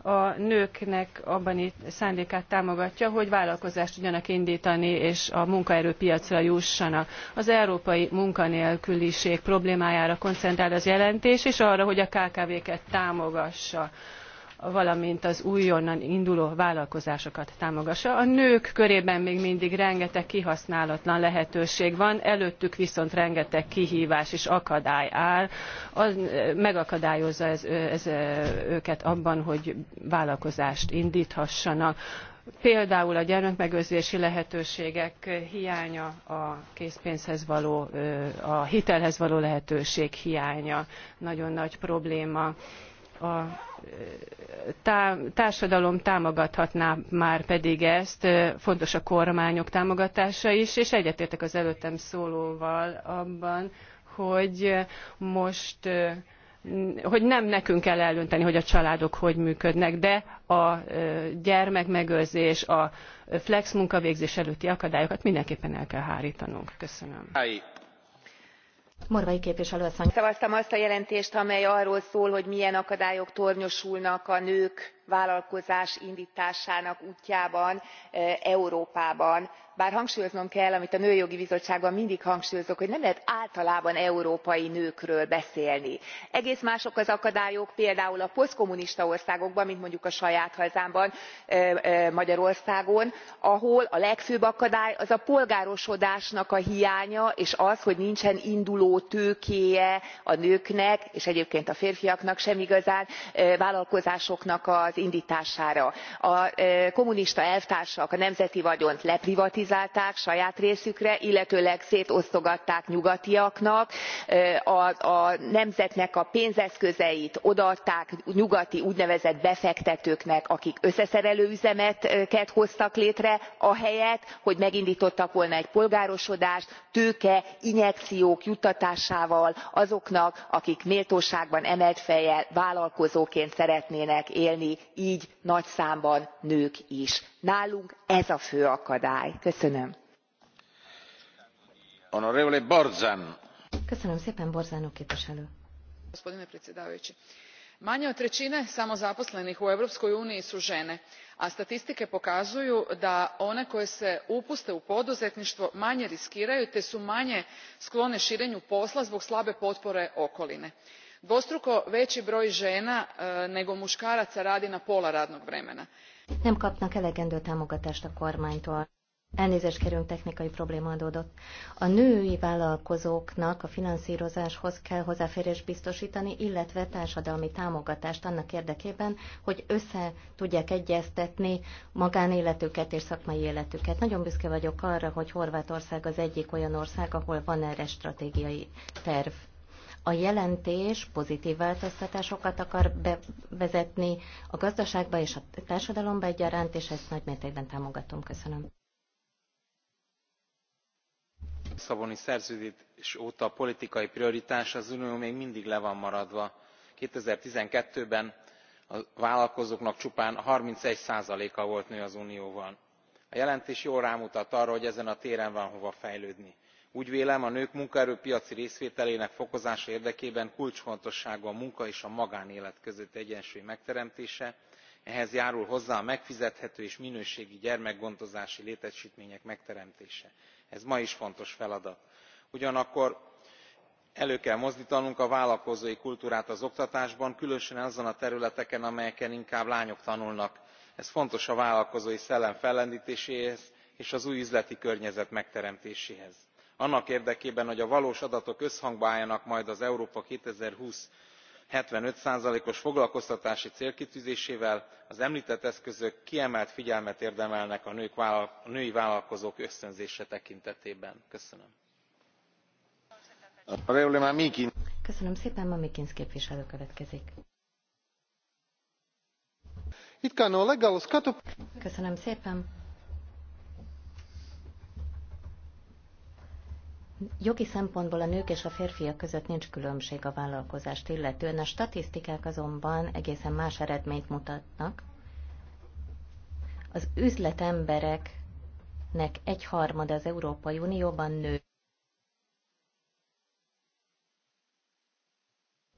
a nőknek abbani szándékát támogatja, hogy vállalkozást tudjanak indítani és a munkaerőpiacra jussanak. Az európai munkanélküliség problémájára koncentrál az jelentés, és arra, hogy a KKV-ket támogassa valamint az újonnan induló vállalkozásokat támogassa. A nők körében még mindig rengeteg kihasználatlan lehetőség van, előttük viszont rengeteg kihívás és akadály áll, az megakadályozza ez, ez őket abban, hogy vállalkozást indíthassanak például a gyermekmegőrzési lehetőségek hiánya a készpénzhez való a hitelhez való lehetőség hiánya nagyon nagy probléma a társadalom támogathatná már pedig ezt, fontos a kormányok támogatása is, és egyetértek az előttem szólóval abban, hogy most hogy nem nekünk kell eldönteni, hogy a családok hogy működnek, de a gyermekmegőrzés, a flex munkavégzés előtti akadályokat mindenképpen el kell hárítanunk. Köszönöm. Morvai Szavaztam azt a jelentést, amely arról szól, hogy milyen akadályok tornyosulnak a nők vállalkozás indtásának útjában európában bár hangsúlyoznom kell amit a nőjogi bizottságban mindig hangsúlyozok hogy nem lehet általában európai nőkről beszélni. egész mások az akadályok például a posztkommunista országokban mint mondjuk a saját hazámban magyarországon ahol a legfőbb akadály az a polgárosodásnak a hiánya és az hogy nincsen indulótőkéje a nőknek és egyébként a férfiaknak sem igazán vállalkozásoknak az indtására. a kommunista elvtársak a nemzeti vagyont leprivatizálták saját részükre illetőleg szétosztogatták nyugatiaknak a nemzetnek a pénzeszközeit odaadták nyugati úgynevezett befektetőknek akik összeszerelő üzemeket hoztak létre ahelyett hogy megindtottak volna egy polgárosodást injekciók juttatásával azoknak akik méltóságban emelt fejjel vállalkozóként szeretnének élni gy nagy számban nők is. nálunk ez a fő akadály. köszönöm. Köszönöm szépen, Borzánó képviselő. Gospodine predsjedavajući, manje od trećine samozaposlenih u Europskoj uniji su žene, a statistike pokazuju da one koje se upuste u poduzetništvo manje riskiraju te su manje sklone širenju posla zbog slabe potpore okoline dvostruko vei broj ena e, nego mukaraca radi na pola radnog vremena. nem kapnak elegendő támogatást a kormánytól. Elnézést kérünk, technikai probléma adódott. A női vállalkozóknak a finanszírozáshoz kell hozzáférés biztosítani, illetve társadalmi támogatást annak érdekében, hogy össze tudják egyeztetni magánéletüket és szakmai életüket. Nagyon büszke vagyok arra, hogy Horvátország az egyik olyan ország, ahol van erre stratégiai terv. A jelentés pozitív változtatásokat akar bevezetni a gazdaságba és a társadalomba egyaránt, és ezt nagy mértékben támogatom. Köszönöm. Szaboni szerződés óta a politikai prioritás az unió még mindig le van maradva. 2012 ben a vállalkozóknak csupán 31 a volt nő az unióban. a jelentés jól rámutat arra hogy ezen a téren van hova fejlődni úgy vélem a nők munkaerőpiaci részvételének fokozása érdekében kulcsfontosságú a munka és a magánélet közötti egyensúly megteremtése ehhez járul hozzá a megfizethető és minőségi gyermekgondozási létestmények megteremtése ez ma is fontos feladat. ugyanakkor elő kell mozdtanunk a vállalkozói kultúrát az oktatásban különösen azon a területeken amelyeken inkább lányok tanulnak ez fontos a vállalkozói szellem fellendtéséhez és az új üzleti környezet megteremtéséhez annak érdekében hogy a valós adatok összhangba álljanak majd az európa two thousand and twenty seventy five os foglalkoztatási célkitűzésével az emltett eszközök kiemelt figyelmet érdemelnek a női vállalkozók ösztönzése tekintetében. köszönöm. szépen, Jogi szempontból a nők és a férfiak között nincs különbség a vállalkozást illetően, a statisztikák azonban egészen más eredményt mutatnak. Az üzletembereknek egyharmada az Európai Unióban nő.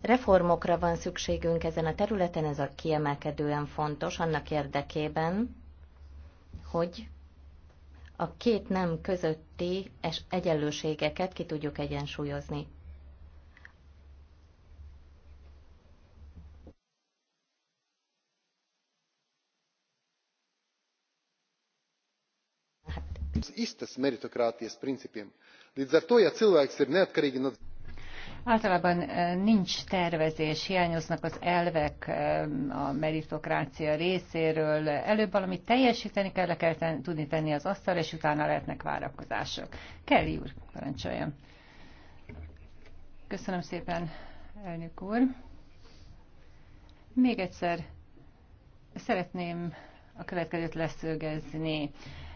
Reformokra van szükségünk ezen a területen, ez a kiemelkedően fontos annak érdekében, hogy a két nem közötti és egyenlőségeket ki tudjuk egyensúlyozni. Az hát- istes meritokrátiás principiem. Līdz ar to, ja cilvēks ir neatkarīgi no. Általában nincs tervezés, hiányoznak az elvek a meritokrácia részéről. Előbb valamit teljesíteni kell, le kell ten, tudni tenni az asztal, és utána lehetnek várakozások. Kelly úr, parancsoljon. Köszönöm szépen, elnök úr. Még egyszer szeretném a következőt leszögezni.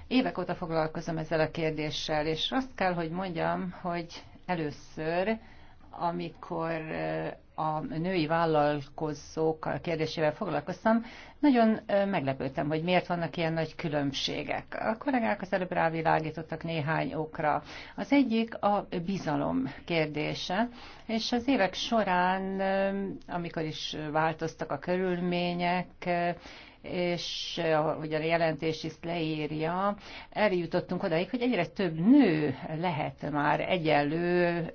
Évek óta foglalkozom ezzel a kérdéssel, és azt kell, hogy mondjam, hogy először amikor a női vállalkozók kérdésével foglalkoztam, nagyon meglepődtem, hogy miért vannak ilyen nagy különbségek. A kollégák az előbb rávilágítottak néhány okra. Az egyik a bizalom kérdése, és az évek során, amikor is változtak a körülmények, és ahogy a jelentés is leírja, eljutottunk odaig, hogy egyre több nő lehet már egyenlő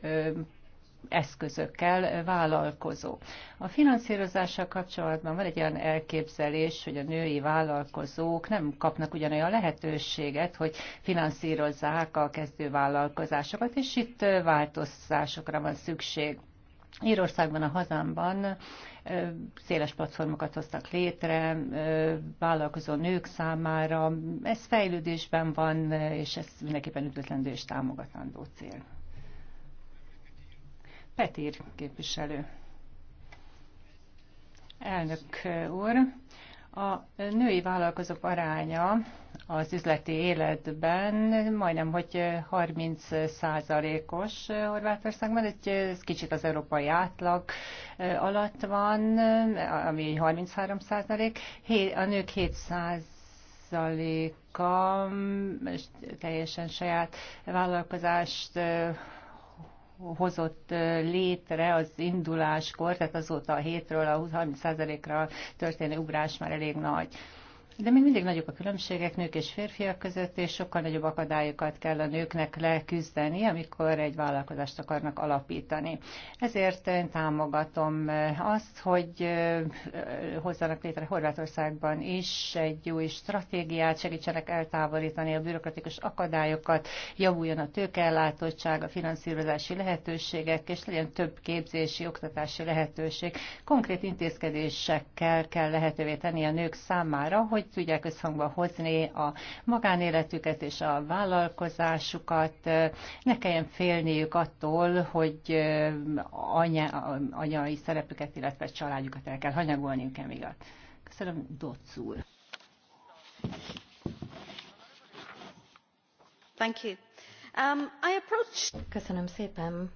eszközökkel vállalkozó. A finanszírozással kapcsolatban van egy olyan elképzelés, hogy a női vállalkozók nem kapnak ugyanolyan lehetőséget, hogy finanszírozzák a kezdő vállalkozásokat, és itt változásokra van szükség. Írországban, a hazámban széles platformokat hoztak létre, vállalkozó nők számára. Ez fejlődésben van, és ez mindenképpen üdvözlendő és támogatandó cél. Petír képviselő. Elnök úr, a női vállalkozók aránya az üzleti életben majdnem, hogy 30 százalékos Horvátországban, egy kicsit az európai átlag alatt van, ami 33 százalék. A nők 7 százaléka teljesen saját vállalkozást hozott létre az induláskor, tehát azóta a 7-ről a 30%-ra történő ugrás már elég nagy. De még mindig nagyobb a különbségek nők és férfiak között, és sokkal nagyobb akadályokat kell a nőknek leküzdeni, amikor egy vállalkozást akarnak alapítani. Ezért én támogatom azt, hogy hozzanak létre Horvátországban is egy új stratégiát, segítsenek eltávolítani a bürokratikus akadályokat, javuljon a tőkeellátottság, a finanszírozási lehetőségek, és legyen több képzési, oktatási lehetőség. Konkrét intézkedésekkel kell lehetővé tenni a nők számára, hogy tudják összhangba hozni a magánéletüket és a vállalkozásukat. Ne kelljen félniük attól, hogy anya, anyai szerepüket, illetve családjukat el kell hanyagolniuk emiatt. Köszönöm, Dotz úr. Thank you. Um, I approached... Köszönöm szépen.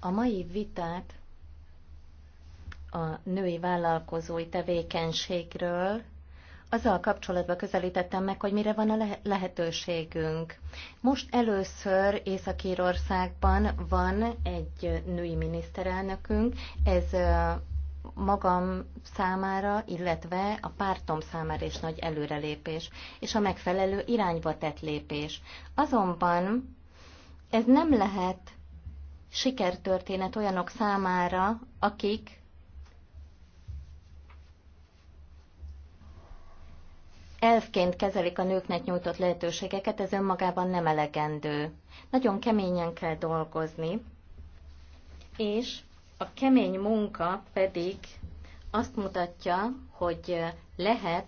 A mai vitát a női vállalkozói tevékenységről azzal kapcsolatban közelítettem meg, hogy mire van a lehetőségünk. Most először Észak-Írországban van egy női miniszterelnökünk, ez magam számára, illetve a pártom számára is nagy előrelépés, és a megfelelő irányba tett lépés. Azonban ez nem lehet sikertörténet olyanok számára, akik elfként kezelik a nőknek nyújtott lehetőségeket, ez önmagában nem elegendő. Nagyon keményen kell dolgozni, és a kemény munka pedig azt mutatja, hogy lehet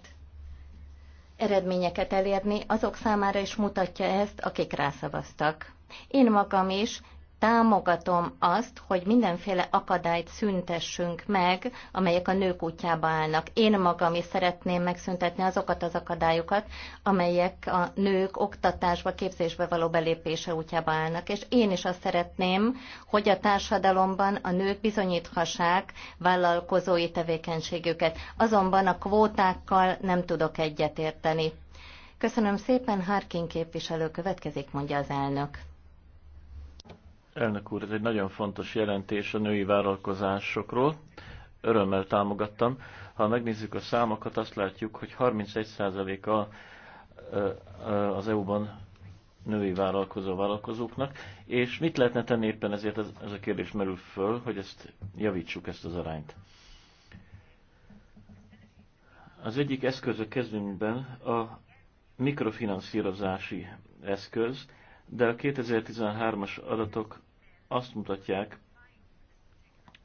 eredményeket elérni, azok számára is mutatja ezt, akik rászavaztak. Én magam is támogatom azt, hogy mindenféle akadályt szüntessünk meg, amelyek a nők útjába állnak. Én magam is szeretném megszüntetni azokat az akadályokat, amelyek a nők oktatásba, képzésbe való belépése útjába állnak. És én is azt szeretném, hogy a társadalomban a nők bizonyíthassák vállalkozói tevékenységüket. Azonban a kvótákkal nem tudok egyetérteni. Köszönöm szépen, Harkin képviselő következik, mondja az elnök. Elnök úr, ez egy nagyon fontos jelentés a női vállalkozásokról. Örömmel támogattam. Ha megnézzük a számokat, azt látjuk, hogy 31%-a az EU-ban női vállalkozó vállalkozóknak, és mit lehetne tenni éppen ezért ez, a kérdés merül föl, hogy ezt javítsuk ezt az arányt. Az egyik eszköz a kezünkben a mikrofinanszírozási eszköz, de a 2013-as adatok azt mutatják,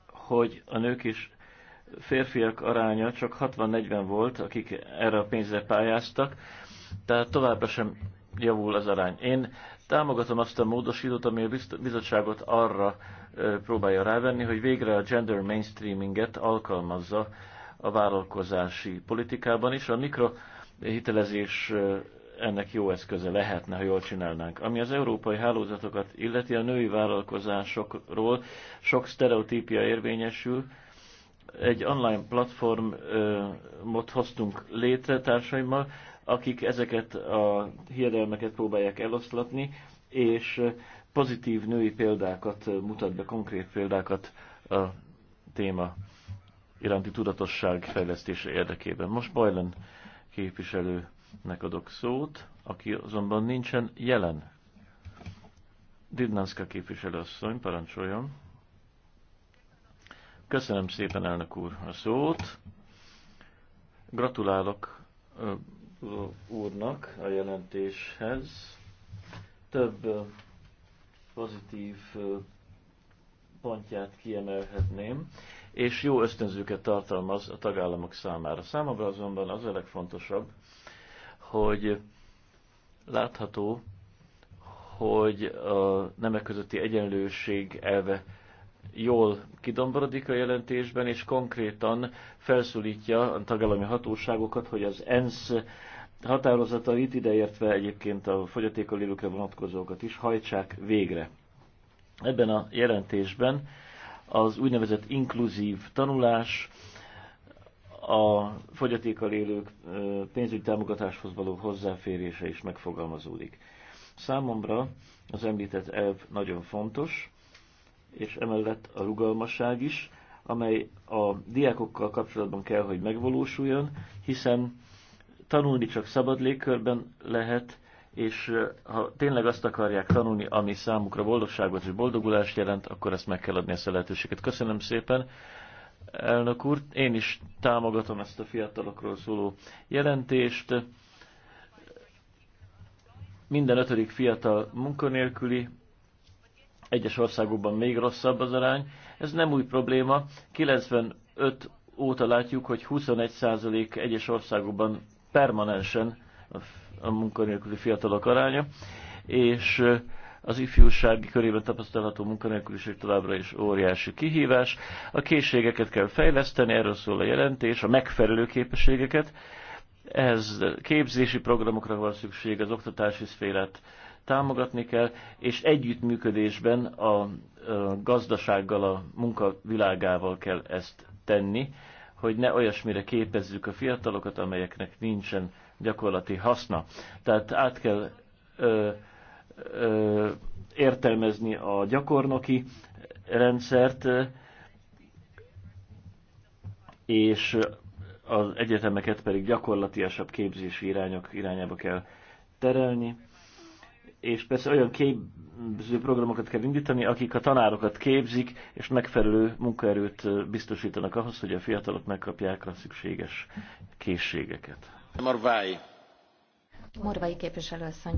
hogy a nők is férfiak aránya csak 60-40 volt, akik erre a pénzre pályáztak, tehát továbbra sem javul az arány. Én támogatom azt a módosítót, ami a bizottságot arra próbálja rávenni, hogy végre a gender mainstreaminget alkalmazza a vállalkozási politikában is. A mikrohitelezés ennek jó eszköze lehetne, ha jól csinálnánk. Ami az európai hálózatokat illeti, a női vállalkozásokról sok sztereotípia érvényesül. Egy online platformot hoztunk létre társaimmal, akik ezeket a hiedelmeket próbálják eloszlatni, és pozitív női példákat mutat be, konkrét példákat a téma iránti tudatosság fejlesztése érdekében. Most Bajlen képviselő nek adok szót, aki azonban nincsen jelen. Didnanszka képviselőasszony, parancsoljon. Köszönöm szépen, elnök úr, a szót. Gratulálok úrnak a jelentéshez. Több pozitív pontját kiemelhetném, és jó ösztönzőket tartalmaz a tagállamok számára. Számomra azonban az a legfontosabb, hogy látható, hogy a nemek közötti egyenlőség elve jól kidomborodik a jelentésben, és konkrétan felszólítja a tagállami hatóságokat, hogy az ENSZ határozata itt ideértve egyébként a fogyatékkal élőkre vonatkozókat is hajtsák végre. Ebben a jelentésben az úgynevezett inkluzív tanulás, a fogyatékkal élők pénzügyi támogatáshoz való hozzáférése is megfogalmazódik. Számomra az említett elv nagyon fontos, és emellett a rugalmasság is, amely a diákokkal kapcsolatban kell, hogy megvalósuljon, hiszen tanulni csak szabad légkörben lehet, és ha tényleg azt akarják tanulni, ami számukra boldogságot és boldogulást jelent, akkor ezt meg kell adni ezt a lehetőséget. Köszönöm szépen! elnök úr. Én is támogatom ezt a fiatalokról szóló jelentést. Minden ötödik fiatal munkanélküli, egyes országokban még rosszabb az arány. Ez nem új probléma. 95 óta látjuk, hogy 21% egyes országokban permanensen a munkanélküli fiatalok aránya, és az ifjúsági körében tapasztalható munkanélküliség továbbra is óriási kihívás. A készségeket kell fejleszteni, erről szól a jelentés, a megfelelő képességeket. ez képzési programokra van szükség, az oktatási szférát támogatni kell, és együttműködésben a gazdasággal, a munkavilágával kell ezt tenni, hogy ne olyasmire képezzük a fiatalokat, amelyeknek nincsen gyakorlati haszna. Tehát át kell ö, értelmezni a gyakornoki rendszert, és az egyetemeket pedig gyakorlatiasabb képzési irányok irányába kell terelni. És persze olyan képző programokat kell indítani, akik a tanárokat képzik, és megfelelő munkaerőt biztosítanak ahhoz, hogy a fiatalok megkapják a szükséges készségeket. Marvai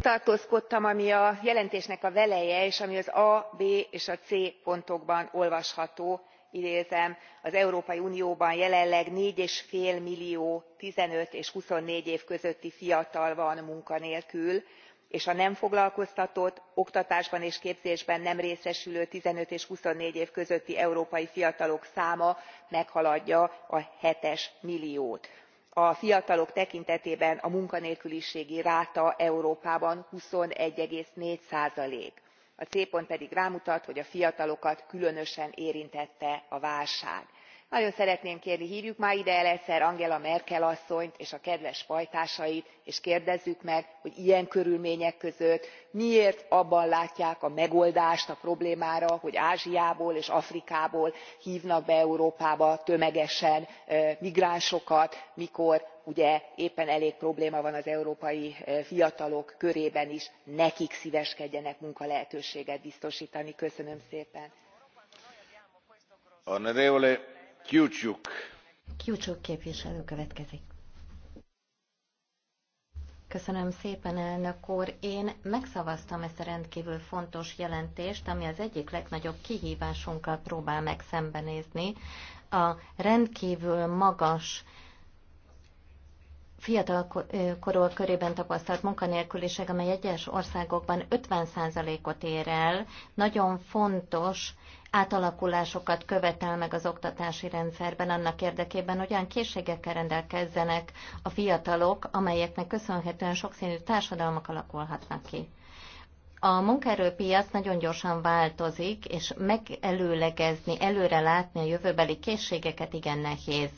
tartózkodtam ami a jelentésnek a veleje és ami az a b és a c pontokban olvasható idézem az európai unióban jelenleg four five millió fifteen és twenty four év közötti fiatal van munkanélkül és a nem foglalkoztatott oktatásban és képzésben nem részesülő fifteen és twenty four év közötti európai fiatalok száma meghaladja a seven milliót a fiatalok tekintetében a munkanélküliségi ráta európában twenty one four a célpont pedig rámutat hogy a fiatalokat különösen érintette a válság nagyon szeretném kérni hvjuk már ide először angela merkel asszonyt és a kedves pajtásait és kérdezzük meg hogy ilyen körülmények között miért abban látják a megoldást a problémára hogy ázsiából és afrikából hvnak be európába tömegesen migránsokat mikor ugye éppen elég probléma van az európai fiatalok körében is nekik szveskedjenek munkalehetőséget biztostani. köszönöm szépen. Kyucsuk. Kyucsuk képviselő következik. Köszönöm szépen, elnök úr. Én megszavaztam ezt a rendkívül fontos jelentést, ami az egyik legnagyobb kihívásunkkal próbál megszembenézni. A rendkívül magas fiatal korúak körében tapasztalt munkanélküliség, amely egyes országokban 50%-ot ér el, nagyon fontos átalakulásokat követel meg az oktatási rendszerben annak érdekében, hogy olyan készségekkel rendelkezzenek a fiatalok, amelyeknek köszönhetően sokszínű társadalmak alakulhatnak ki. A munkaerőpiac nagyon gyorsan változik, és megelőlegezni, előre látni a jövőbeli készségeket igen nehéz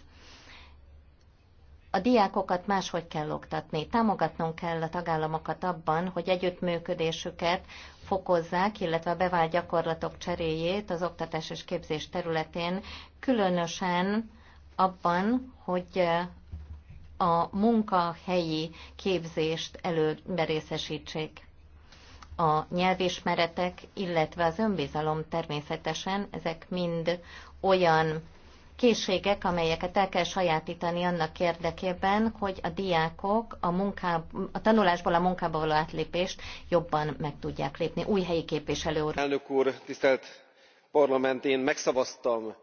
a diákokat máshogy kell oktatni. Támogatnunk kell a tagállamokat abban, hogy együttműködésüket fokozzák, illetve a bevált gyakorlatok cseréjét az oktatás és képzés területén, különösen abban, hogy a munkahelyi képzést előberészesítsék. A nyelvismeretek, illetve az önbizalom természetesen, ezek mind olyan készségek, amelyeket el kell sajátítani annak érdekében, hogy a diákok a, munká, a tanulásból a munkába való átlépést jobban meg tudják lépni. Új helyi képviselő úr. Elnök úr, tisztelt parlament, én megszavaztam,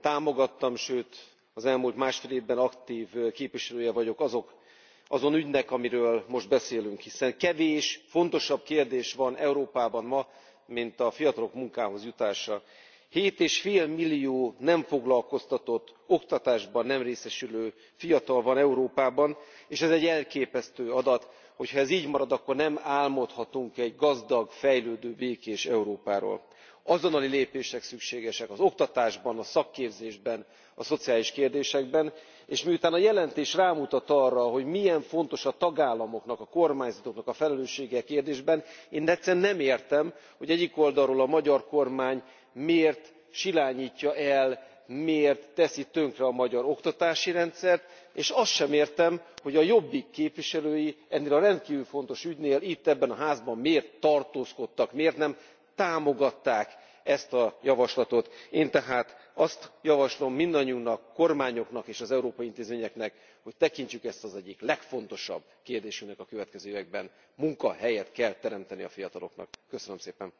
támogattam, sőt az elmúlt másfél évben aktív képviselője vagyok azok, azon ügynek, amiről most beszélünk, hiszen kevés fontosabb kérdés van Európában ma, mint a fiatalok munkához jutása seven five millió nem foglalkoztatott oktatásban nem részesülő fiatal van európában és ez egy elképesztő adat hogyha ez gy marad akkor nem álmodhatunk egy gazdag fejlődő békés európáról. azonnali lépések szükségesek az oktatásban a szakképzésben a szociális kérdésekben és miután a jelentés rámutat arra hogy milyen fontos a tagállamoknak a kormányzatoknak a felelőssége e kérdésben én egyszerűen nem értem hogy egyik oldalról a magyar kormány miért silánytja el miért teszi tönkre a magyar oktatási rendszert és azt sem értem hogy a jobbik képviselői ennél a rendkvül fontos ügynél itt ebben a házban miért tartózkodtak miért nem támogatták ezt a javaslatot. én tehát azt javaslom mindannyiunknak kormányoknak és az európai intézményeknek hogy tekintsük ezt az egyik legfontosabb kérdésünknek a következő években munkahelyet kell teremteni a fiataloknak. köszönöm szépen!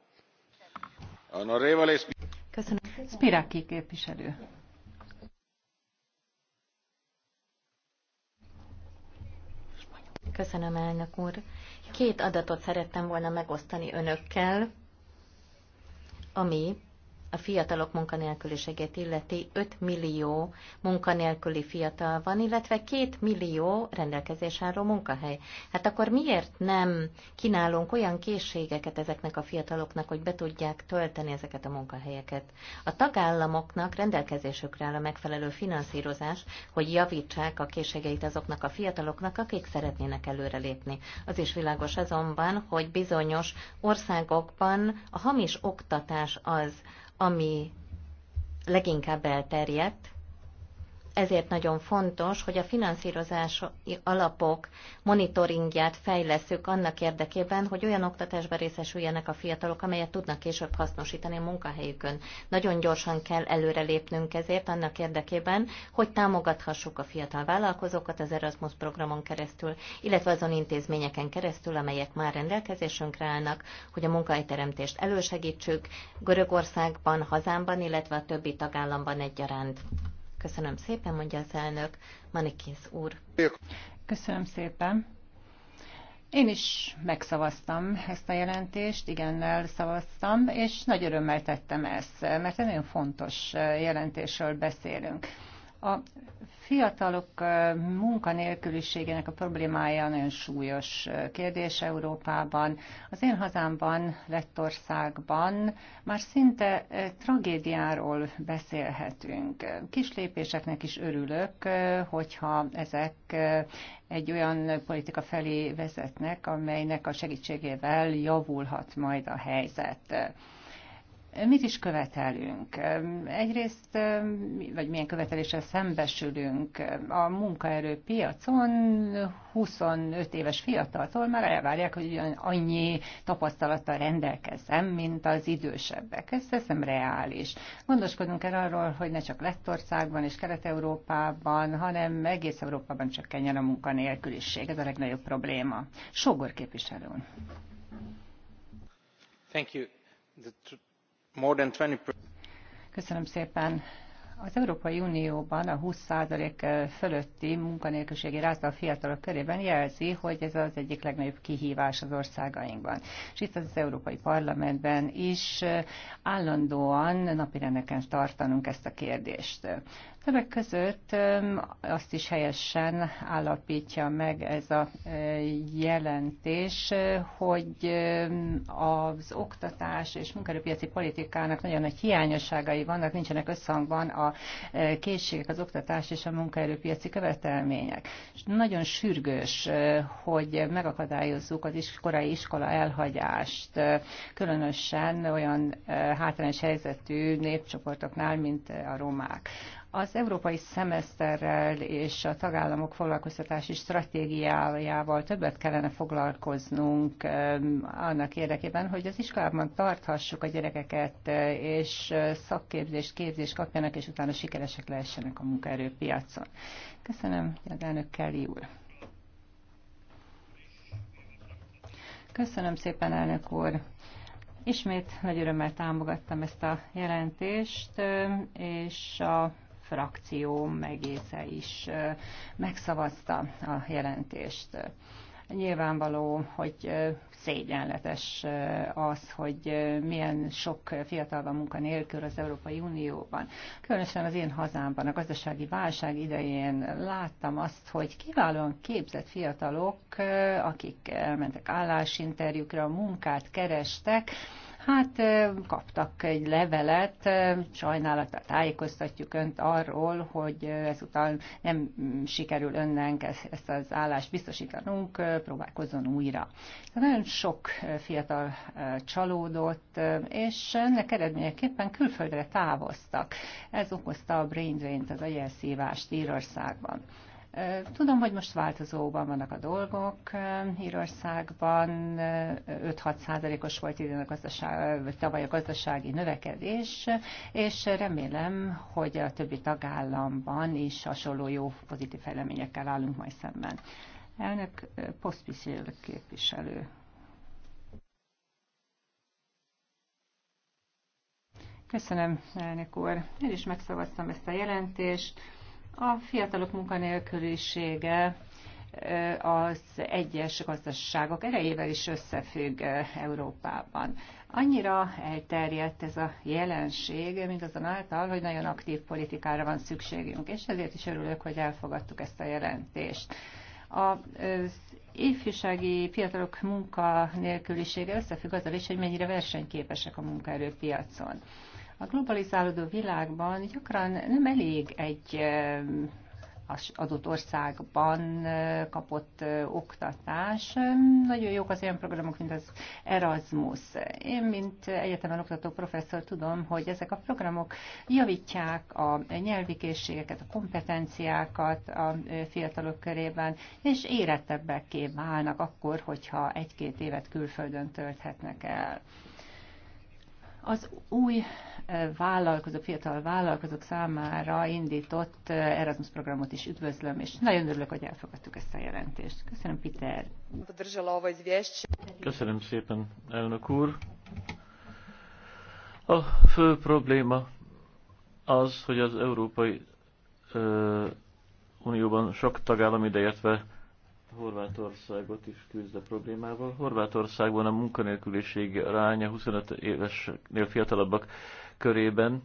Köszönöm. Spiraki képviselő. Köszönöm, elnök úr. Két adatot szerettem volna megosztani önökkel, ami a fiatalok munkanélküliséget illeti 5 millió munkanélküli fiatal van, illetve 2 millió rendelkezés álló munkahely. Hát akkor miért nem kínálunk olyan készségeket ezeknek a fiataloknak, hogy be tudják tölteni ezeket a munkahelyeket? A tagállamoknak rendelkezésükre áll a megfelelő finanszírozás, hogy javítsák a készségeit azoknak a fiataloknak, akik szeretnének előrelépni. Az is világos azonban, hogy bizonyos országokban a hamis oktatás az, ami leginkább elterjedt, ezért nagyon fontos, hogy a finanszírozás alapok monitoringját fejleszünk annak érdekében, hogy olyan oktatásba részesüljenek a fiatalok, amelyet tudnak később hasznosítani a munkahelyükön. Nagyon gyorsan kell előrelépnünk ezért annak érdekében, hogy támogathassuk a fiatal vállalkozókat az Erasmus programon keresztül, illetve azon intézményeken keresztül, amelyek már rendelkezésünkre állnak, hogy a munkahelyteremtést elősegítsük Görögországban, hazámban, illetve a többi tagállamban egyaránt. Köszönöm szépen, mondja az elnök, Manikins úr. Köszönöm szépen. Én is megszavaztam ezt a jelentést, igennel szavaztam, és nagy örömmel tettem ezt, mert egy nagyon fontos jelentésről beszélünk. A fiatalok munkanélküliségének a problémája nagyon súlyos kérdés Európában. Az én hazámban, Lettországban már szinte tragédiáról beszélhetünk. Kis lépéseknek is örülök, hogyha ezek egy olyan politika felé vezetnek, amelynek a segítségével javulhat majd a helyzet. Mit is követelünk? Egyrészt, vagy milyen követeléssel szembesülünk a munkaerőpiacon 25 éves fiataltól már elvárják, hogy annyi tapasztalattal rendelkezem, mint az idősebbek. Ez hiszem reális. Gondoskodunk el arról, hogy ne csak Lettországban és Kelet-Európában, hanem egész Európában csökkenjen a munkanélküliség. Ez a legnagyobb probléma. Sogor képviselő. Thank you. The Köszönöm szépen. Az Európai Unióban a 20% fölötti munkanélküliségi ráta a fiatalok körében jelzi, hogy ez az egyik legnagyobb kihívás az országainkban. És itt az Európai Parlamentben is állandóan napirendeken tartanunk ezt a kérdést. Többek között azt is helyesen állapítja meg ez a jelentés, hogy az oktatás és munkerőpiaci politikának nagyon nagy hiányosságai vannak, nincsenek összhangban a készségek, az oktatás és a munkaerőpiaci követelmények. És nagyon sürgős, hogy megakadályozzuk az korai iskola elhagyást, különösen olyan hátrányos helyzetű népcsoportoknál, mint a romák. Az európai szemeszterrel és a tagállamok foglalkoztatási stratégiájával többet kellene foglalkoznunk eh, annak érdekében, hogy az iskolában tarthassuk a gyerekeket, eh, és eh, szakképzést, képzést kapjanak, és utána sikeresek lehessenek a munkaerőpiacon. Köszönöm, elnök Kelly úr. Köszönöm szépen, elnök úr. Ismét nagy örömmel támogattam ezt a jelentést, és a frakció megésze is megszavazta a jelentést. Nyilvánvaló, hogy szégyenletes az, hogy milyen sok fiatal van munkanélkül az Európai Unióban. Különösen az én hazámban a gazdasági válság idején láttam azt, hogy kiválóan képzett fiatalok, akik mentek állásinterjúkra, munkát kerestek, Hát kaptak egy levelet, sajnálattal tájékoztatjuk önt arról, hogy ezután nem sikerül önnek ezt az állást biztosítanunk, próbálkozzon újra. Hát, nagyon sok fiatal csalódott, és ennek eredményeképpen külföldre távoztak. Ez okozta a brain drain-t, az agyelszívást Írországban. Tudom, hogy most változóban vannak a dolgok. Írországban 5-6 százalékos volt idén a gazdaság, vagy tavaly a gazdasági növekedés, és remélem, hogy a többi tagállamban is hasonló jó pozitív fejleményekkel állunk majd szemben. Elnök Poszpiszél képviselő. Köszönöm, elnök úr. Én is megszavaztam ezt a jelentést. A fiatalok munkanélkülisége az egyes gazdaságok erejével is összefügg Európában. Annyira elterjedt ez a jelenség, mint mindazonáltal, hogy nagyon aktív politikára van szükségünk, és ezért is örülök, hogy elfogadtuk ezt a jelentést. Az ifjúsági fiatalok munkanélkülisége összefügg azzal is, hogy mennyire versenyképesek a munkaerőpiacon. A globalizálódó világban gyakran nem elég egy az adott országban kapott oktatás. Nagyon jók az olyan programok, mint az Erasmus. Én, mint egyetemen oktató professzor tudom, hogy ezek a programok javítják a nyelvi készségeket, a kompetenciákat a fiatalok körében, és érettebbekké válnak akkor, hogyha egy-két évet külföldön tölthetnek el. Az új eh, vállalkozók, fiatal vállalkozók számára indított eh, Erasmus programot is üdvözlöm, és nagyon örülök, hogy elfogadtuk ezt a jelentést. Köszönöm, Peter. Köszönöm szépen, elnök úr. A fő probléma az, hogy az Európai ö, eh, Unióban sok tagállam ideértve Horvátországot is küzd a problémával. Horvátországban a munkanélküliség aránya 25 évesnél fiatalabbak körében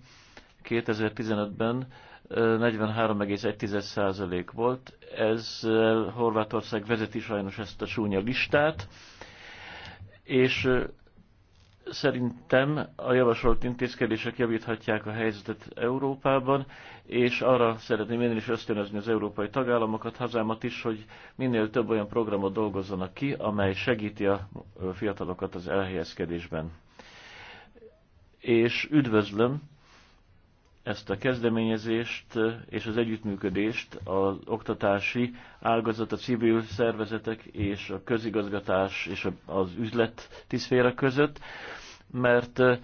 2015-ben 43,1% volt. Ez Horvátország vezeti sajnos ezt a súnya listát, és Szerintem a javasolt intézkedések javíthatják a helyzetet Európában, és arra szeretném én is ösztönözni az európai tagállamokat, hazámat is, hogy minél több olyan programot dolgozzanak ki, amely segíti a fiatalokat az elhelyezkedésben. És üdvözlöm ezt a kezdeményezést eh, és az együttműködést az oktatási ágazat, a civil szervezetek és a közigazgatás és az üzleti szféra között, mert eh,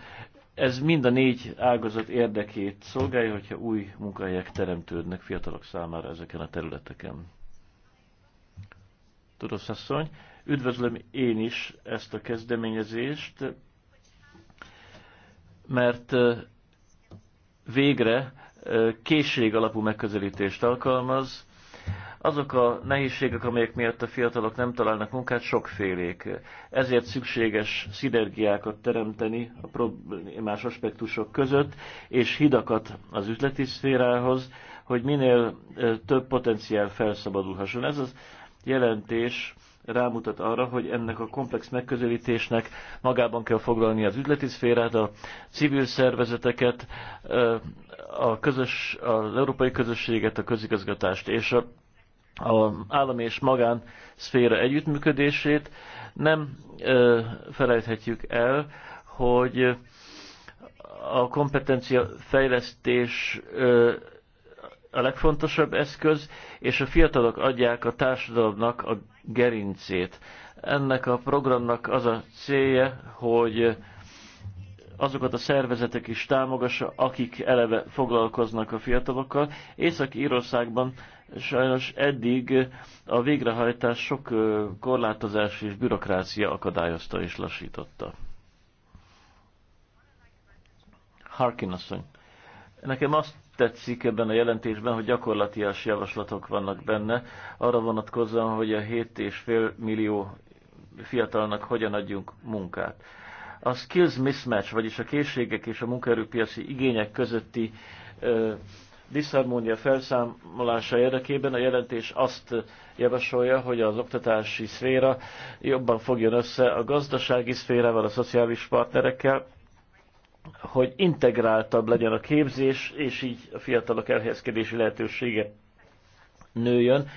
ez mind a négy ágazat érdekét szolgálja, hogyha új munkahelyek teremtődnek fiatalok számára ezeken a területeken. Tudós asszony, üdvözlöm én is ezt a kezdeményezést, mert eh, végre készség alapú megközelítést alkalmaz. Azok a nehézségek, amelyek miatt a fiatalok nem találnak munkát, sokfélék. Ezért szükséges szinergiákat teremteni a problémás aspektusok között, és hidakat az üzleti szférához, hogy minél több potenciál felszabadulhasson. Ez az jelentés rámutat arra, hogy ennek a komplex megközelítésnek magában kell foglalni az üzleti szférát, a civil szervezeteket, a közös, az európai közösséget, a közigazgatást és a, a állami és magán szféra együttműködését. Nem felejthetjük el, hogy a kompetencia fejlesztés a legfontosabb eszköz, és a fiatalok adják a társadalomnak a gerincét. Ennek a programnak az a célja, hogy azokat a szervezetek is támogassa, akik eleve foglalkoznak a fiatalokkal. Észak-Írországban sajnos eddig a végrehajtás sok korlátozás és bürokrácia akadályozta és lassította. Harkin asszony. Nekem azt tetszik ebben a jelentésben, hogy gyakorlatias javaslatok vannak benne, arra vonatkozóan, hogy a 7,5 millió fiatalnak hogyan adjunk munkát. A skills mismatch, vagyis a készségek és a munkaerőpiaci igények közötti ö, diszharmónia felszámolása érdekében a jelentés azt javasolja, hogy az oktatási szféra jobban fogjon össze a gazdasági szférával, a szociális partnerekkel, hogy integráltabb legyen a képzés, és így a fiatalok elhelyezkedési lehetősége nőjön,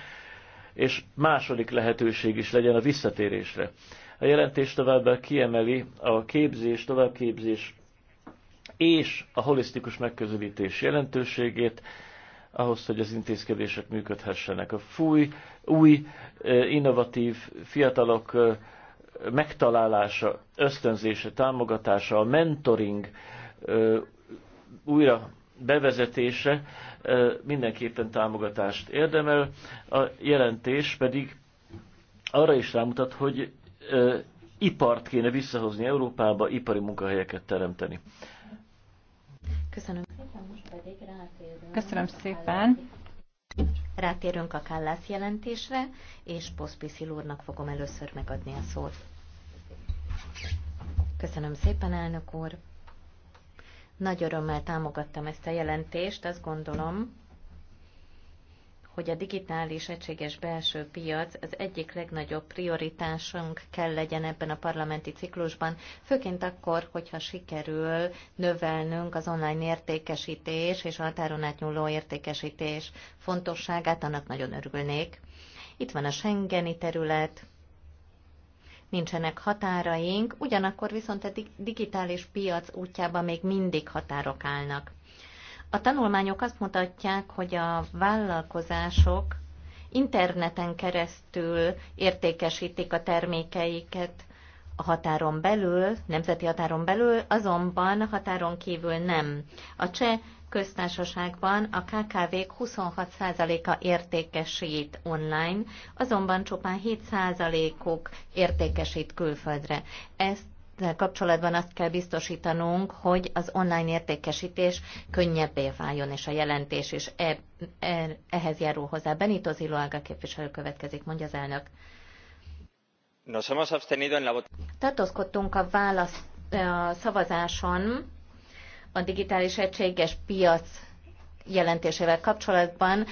és második lehetőség is legyen a visszatérésre. A jelentés továbbá kiemeli a képzés, továbbképzés és a holisztikus megközelítés jelentőségét, ahhoz, hogy az intézkedések működhessenek. A fúj, új, eh, innovatív fiatalok eh, megtalálása, ösztönzése, támogatása, a mentoring újra bevezetése mindenképpen támogatást érdemel. A jelentés pedig arra is rámutat, hogy ipart kéne visszahozni Európába, ipari munkahelyeket teremteni. Köszönöm. Köszönöm szépen. Rátérünk a Kállász jelentésre, és Poszpiszil úrnak fogom először megadni a szót. Köszönöm szépen, elnök úr! Nagy örömmel támogattam ezt a jelentést, azt gondolom, hogy a digitális egységes belső piac az egyik legnagyobb prioritásunk kell legyen ebben a parlamenti ciklusban, főként akkor, hogyha sikerül növelnünk az online értékesítés és a határon átnyúló értékesítés fontosságát, annak nagyon örülnék. Itt van a Schengeni terület, nincsenek határaink, ugyanakkor viszont a digitális piac útjában még mindig határok állnak. A tanulmányok azt mutatják, hogy a vállalkozások interneten keresztül értékesítik a termékeiket a határon belül, nemzeti határon belül, azonban határon kívül nem. A cseh köztársaságban a KKV-k 26%-a értékesít online, azonban csupán 7%-uk értékesít külföldre. Ezt kapcsolatban azt kell biztosítanunk, hogy az online értékesítés könnyebbé váljon, és a jelentés is e, e, ehhez járul hozzá. Benito Ziloaga képviselő következik, mondja az elnök. Nos hemos abstenido en la Tartózkodtunk a válasz a szavazáson a digitális egységes piac jelentésével kapcsolatban,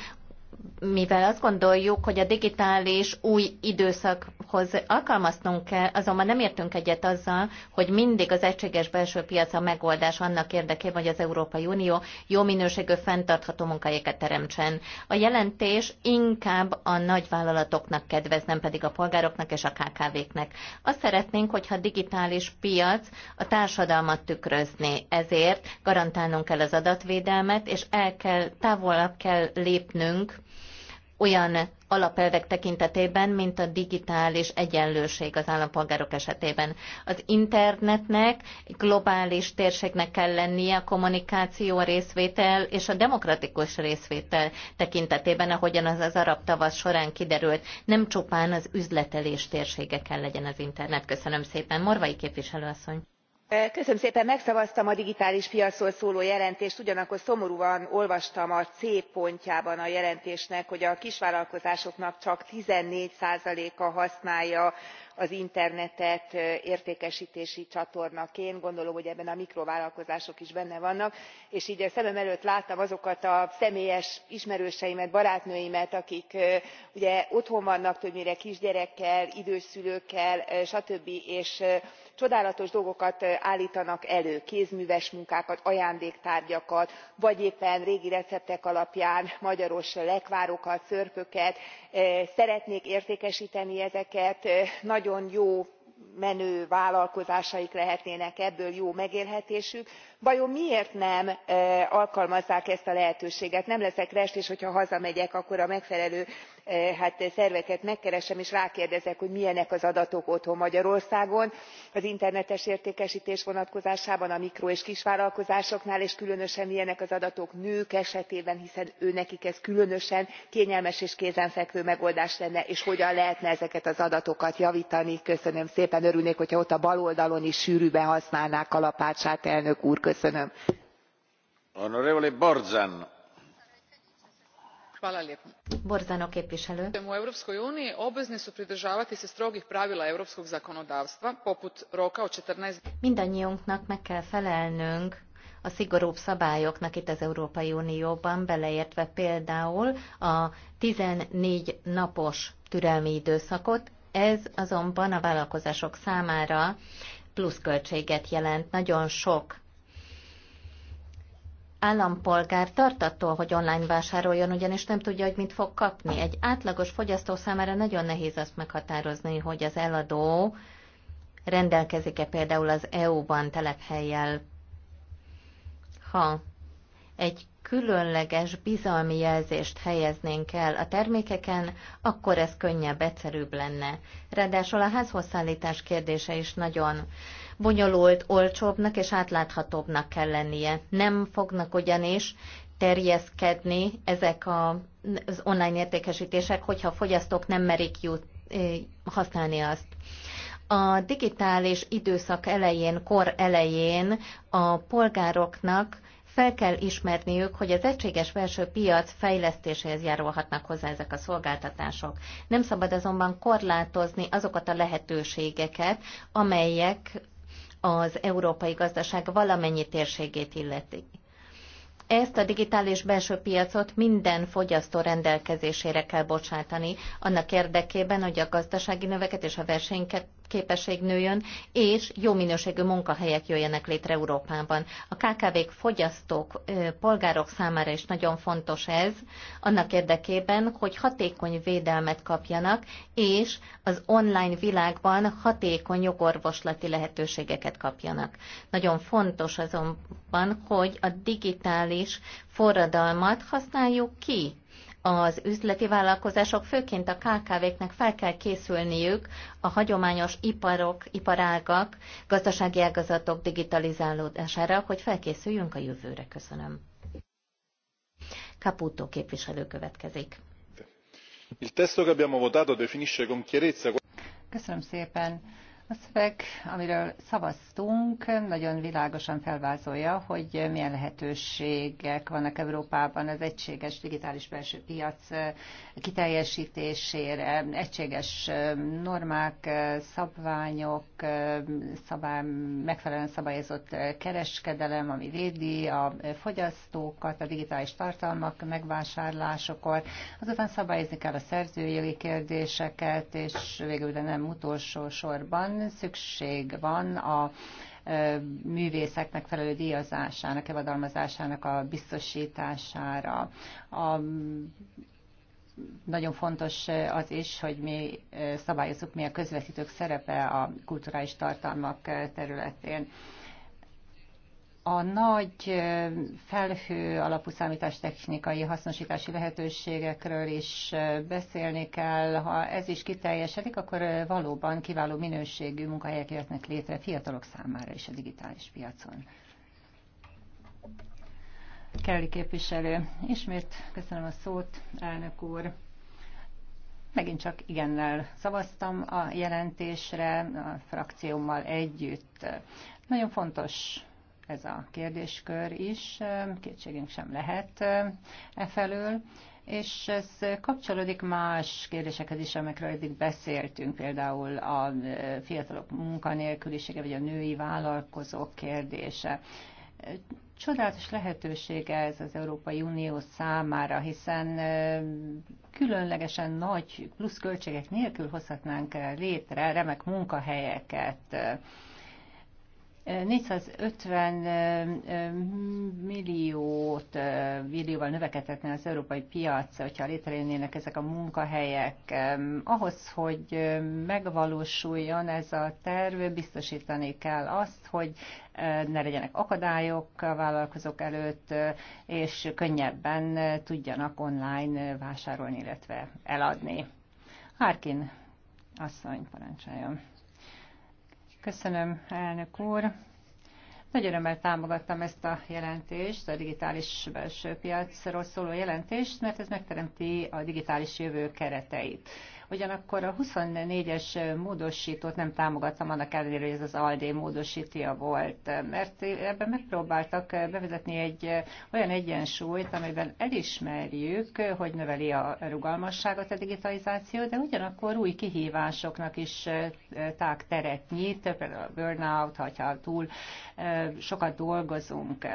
mivel azt gondoljuk, hogy a digitális új időszakhoz alkalmaznunk kell, azonban nem értünk egyet azzal, hogy mindig az egységes belső piac a megoldás annak érdekében, hogy az Európai Unió jó minőségű, fenntartható munkahelyeket teremtsen. A jelentés inkább a nagyvállalatoknak kedvez, nem pedig a polgároknak és a KKV-knek. Azt szeretnénk, hogyha a digitális piac a társadalmat tükrözni. Ezért garantálnunk kell az adatvédelmet, és el kell, távolabb kell lépnünk olyan alapelvek tekintetében, mint a digitális egyenlőség az állampolgárok esetében. Az internetnek globális térségnek kell lennie a kommunikáció, a részvétel és a demokratikus részvétel tekintetében, ahogyan az az arab tavasz során kiderült, nem csupán az üzletelés térsége kell legyen az internet. Köszönöm szépen. Morvai képviselőasszony megszavaztam a digitális piacról szóló jelentést ugyanakkor szomorúan olvastam a c pontjában a jelentésnek hogy a kisvállalkozásoknak csak fourteen a használja az internetet értékestési csatornaként gondolom hogy ebben a mikrovállalkozások is benne vannak és gy a szemem előtt láttam azokat a személyes ismerőseimet barátnőimet akik ugye otthon vannak többnyire kisgyerekkel idős szülőkkel stb. és csodálatos dolgokat álltanak elő kézműves munkákat ajándéktárgyakat vagy éppen régi receptek alapján magyaros lekvárokat szörpöket szeretnék értékesteni ezeket nagyon jó menő vállalkozásaik lehetnének ebből jó megélhetésük vajon miért nem alkalmazzák ezt a lehetőséget? nem leszek restés hogyha hazamegyek akkor a megfelelő E, hát, e, szerveket megkeresem és rákérdezek hogy milyenek az adatok otthon magyarországon az internetes értékestés vonatkozásában a mikro és kisvállalkozásoknál és különösen milyenek az adatok nők esetében hiszen őnekik ez különösen kényelmes és kézenfekvő megoldás lenne és hogyan lehetne ezeket az adatokat javtani. köszönöm szépen örülnék hogyha ott a bal oldalon is sűrűbben használnák kalapácsát elnök úr köszönöm borzano képviselő. u europskoj uniji obvezni su pridravati se strogih pravila europskog zakonodavstva poput roka od fourteen. mindannyiunknak meg kell felelnünk a szigorúbb szabályoknak itt az Európai Unióban, beleértve például a 14 napos türelmi időszakot, ez azonban a vállalkozások számára pluszköltséget jelent. Nagyon sok állampolgár tart attól, hogy online vásároljon, ugyanis nem tudja, hogy mit fog kapni. Egy átlagos fogyasztó számára nagyon nehéz azt meghatározni, hogy az eladó rendelkezik-e például az EU-ban telephelyjel. Ha egy különleges bizalmi jelzést helyeznénk el a termékeken, akkor ez könnyebb, egyszerűbb lenne. Ráadásul a házhozszállítás kérdése is nagyon bonyolult, olcsóbbnak és átláthatóbbnak kell lennie. Nem fognak ugyanis terjeszkedni ezek a, az online értékesítések, hogyha a fogyasztók nem merik jut, használni azt. A digitális időszak elején, kor elején a polgároknak fel kell ismerniük, hogy az egységes belső piac fejlesztéséhez járulhatnak hozzá ezek a szolgáltatások. Nem szabad azonban korlátozni azokat a lehetőségeket, amelyek az európai gazdaság valamennyi térségét illeti. Ezt a digitális belső piacot minden fogyasztó rendelkezésére kell bocsátani, annak érdekében, hogy a gazdasági növeket és a képesség nőjön, és jó minőségű munkahelyek jöjjenek létre Európában. A KKV-k fogyasztók, polgárok számára is nagyon fontos ez, annak érdekében, hogy hatékony védelmet kapjanak, és az online világban hatékony jogorvoslati lehetőségeket kapjanak. Nagyon fontos azonban, hogy a digitális forradalmat használjuk ki az üzleti vállalkozások, főként a KKV-knek fel kell készülniük a hagyományos iparok, iparágak, gazdasági ágazatok digitalizálódására, hogy felkészüljünk a jövőre. Köszönöm. Caputo képviselő következik. Il testo che abbiamo votato definisce con chiarezza Köszönöm szépen. A szöveg, amiről szavaztunk, nagyon világosan felvázolja, hogy milyen lehetőségek vannak Európában az egységes digitális belső piac kiteljesítésére, egységes normák, szabványok, szabály, megfelelően szabályozott kereskedelem, ami védi a fogyasztókat a digitális tartalmak megvásárlásokor, azután szabályozni kell a szerzőjogi kérdéseket, és végül, de nem utolsó sorban szükség van a művészek megfelelő díjazásának, evadalmazásának a biztosítására. A nagyon fontos az is, hogy mi szabályozunk mi a közvetítők szerepe a kulturális tartalmak területén a nagy felhő alapú számítástechnikai hasznosítási lehetőségekről is beszélni kell. Ha ez is kiteljesedik, akkor valóban kiváló minőségű munkahelyek jöhetnek létre fiatalok számára is a digitális piacon. Kelly képviselő, ismét köszönöm a szót, elnök úr. Megint csak igennel szavaztam a jelentésre, a frakciómmal együtt. Nagyon fontos ez a kérdéskör is, kétségünk sem lehet e felől, és ez kapcsolódik más kérdésekhez is, amikről eddig beszéltünk, például a fiatalok munkanélkülisége, vagy a női vállalkozók kérdése csodálatos lehetőség ez az Európai Unió számára, hiszen különlegesen nagy pluszköltségek nélkül hozhatnánk létre remek munkahelyeket, 450 milliót, millióval növekedhetne az európai piac, hogyha létrejönnének ezek a munkahelyek. Ahhoz, hogy megvalósuljon ez a terv, biztosítani kell azt, hogy ne legyenek akadályok a vállalkozók előtt, és könnyebben tudjanak online vásárolni, illetve eladni. Harkin asszony, parancsoljon. Köszönöm, elnök úr. Nagy örömmel támogattam ezt a jelentést, a digitális belső piacról szóló jelentést, mert ez megteremti a digitális jövő kereteit. Ugyanakkor a 24-es módosítót nem támogattam annak ellenére, hogy ez az ALDE módosítja volt, mert ebben megpróbáltak bevezetni egy olyan egyensúlyt, amiben elismerjük, hogy növeli a rugalmasságot a digitalizáció, de ugyanakkor új kihívásoknak is tág teret nyit, például a burnout, ha túl sokat dolgozunk.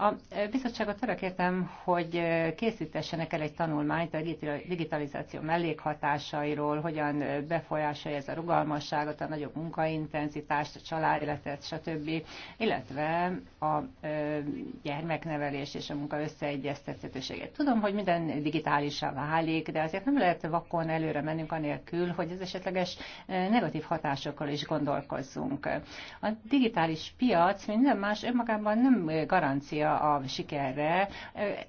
A bizottságot arra kértem, hogy készítessenek el egy tanulmányt a digitalizáció mellékhatásairól, hogyan befolyásolja ez a rugalmasságot, a nagyobb munkaintenzitást, a családéletet, stb., illetve a gyermeknevelés és a munka összeegyeztethetőségét. Tudom, hogy minden a válik, de azért nem lehet vakon előre mennünk anélkül, hogy az esetleges negatív hatásokkal is gondolkozzunk. A digitális piac minden más önmagában nem garancia alapja a sikerre.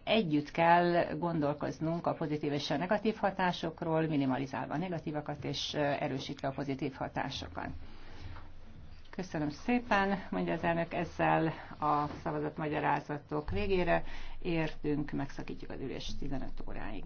Együtt kell gondolkoznunk a pozitív és a negatív hatásokról, minimalizálva a negatívakat és erősítve a pozitív hatásokat. Köszönöm szépen, mondja az elnök, ezzel a szavazatmagyarázatok végére értünk, megszakítjuk az ülést 15 óráig.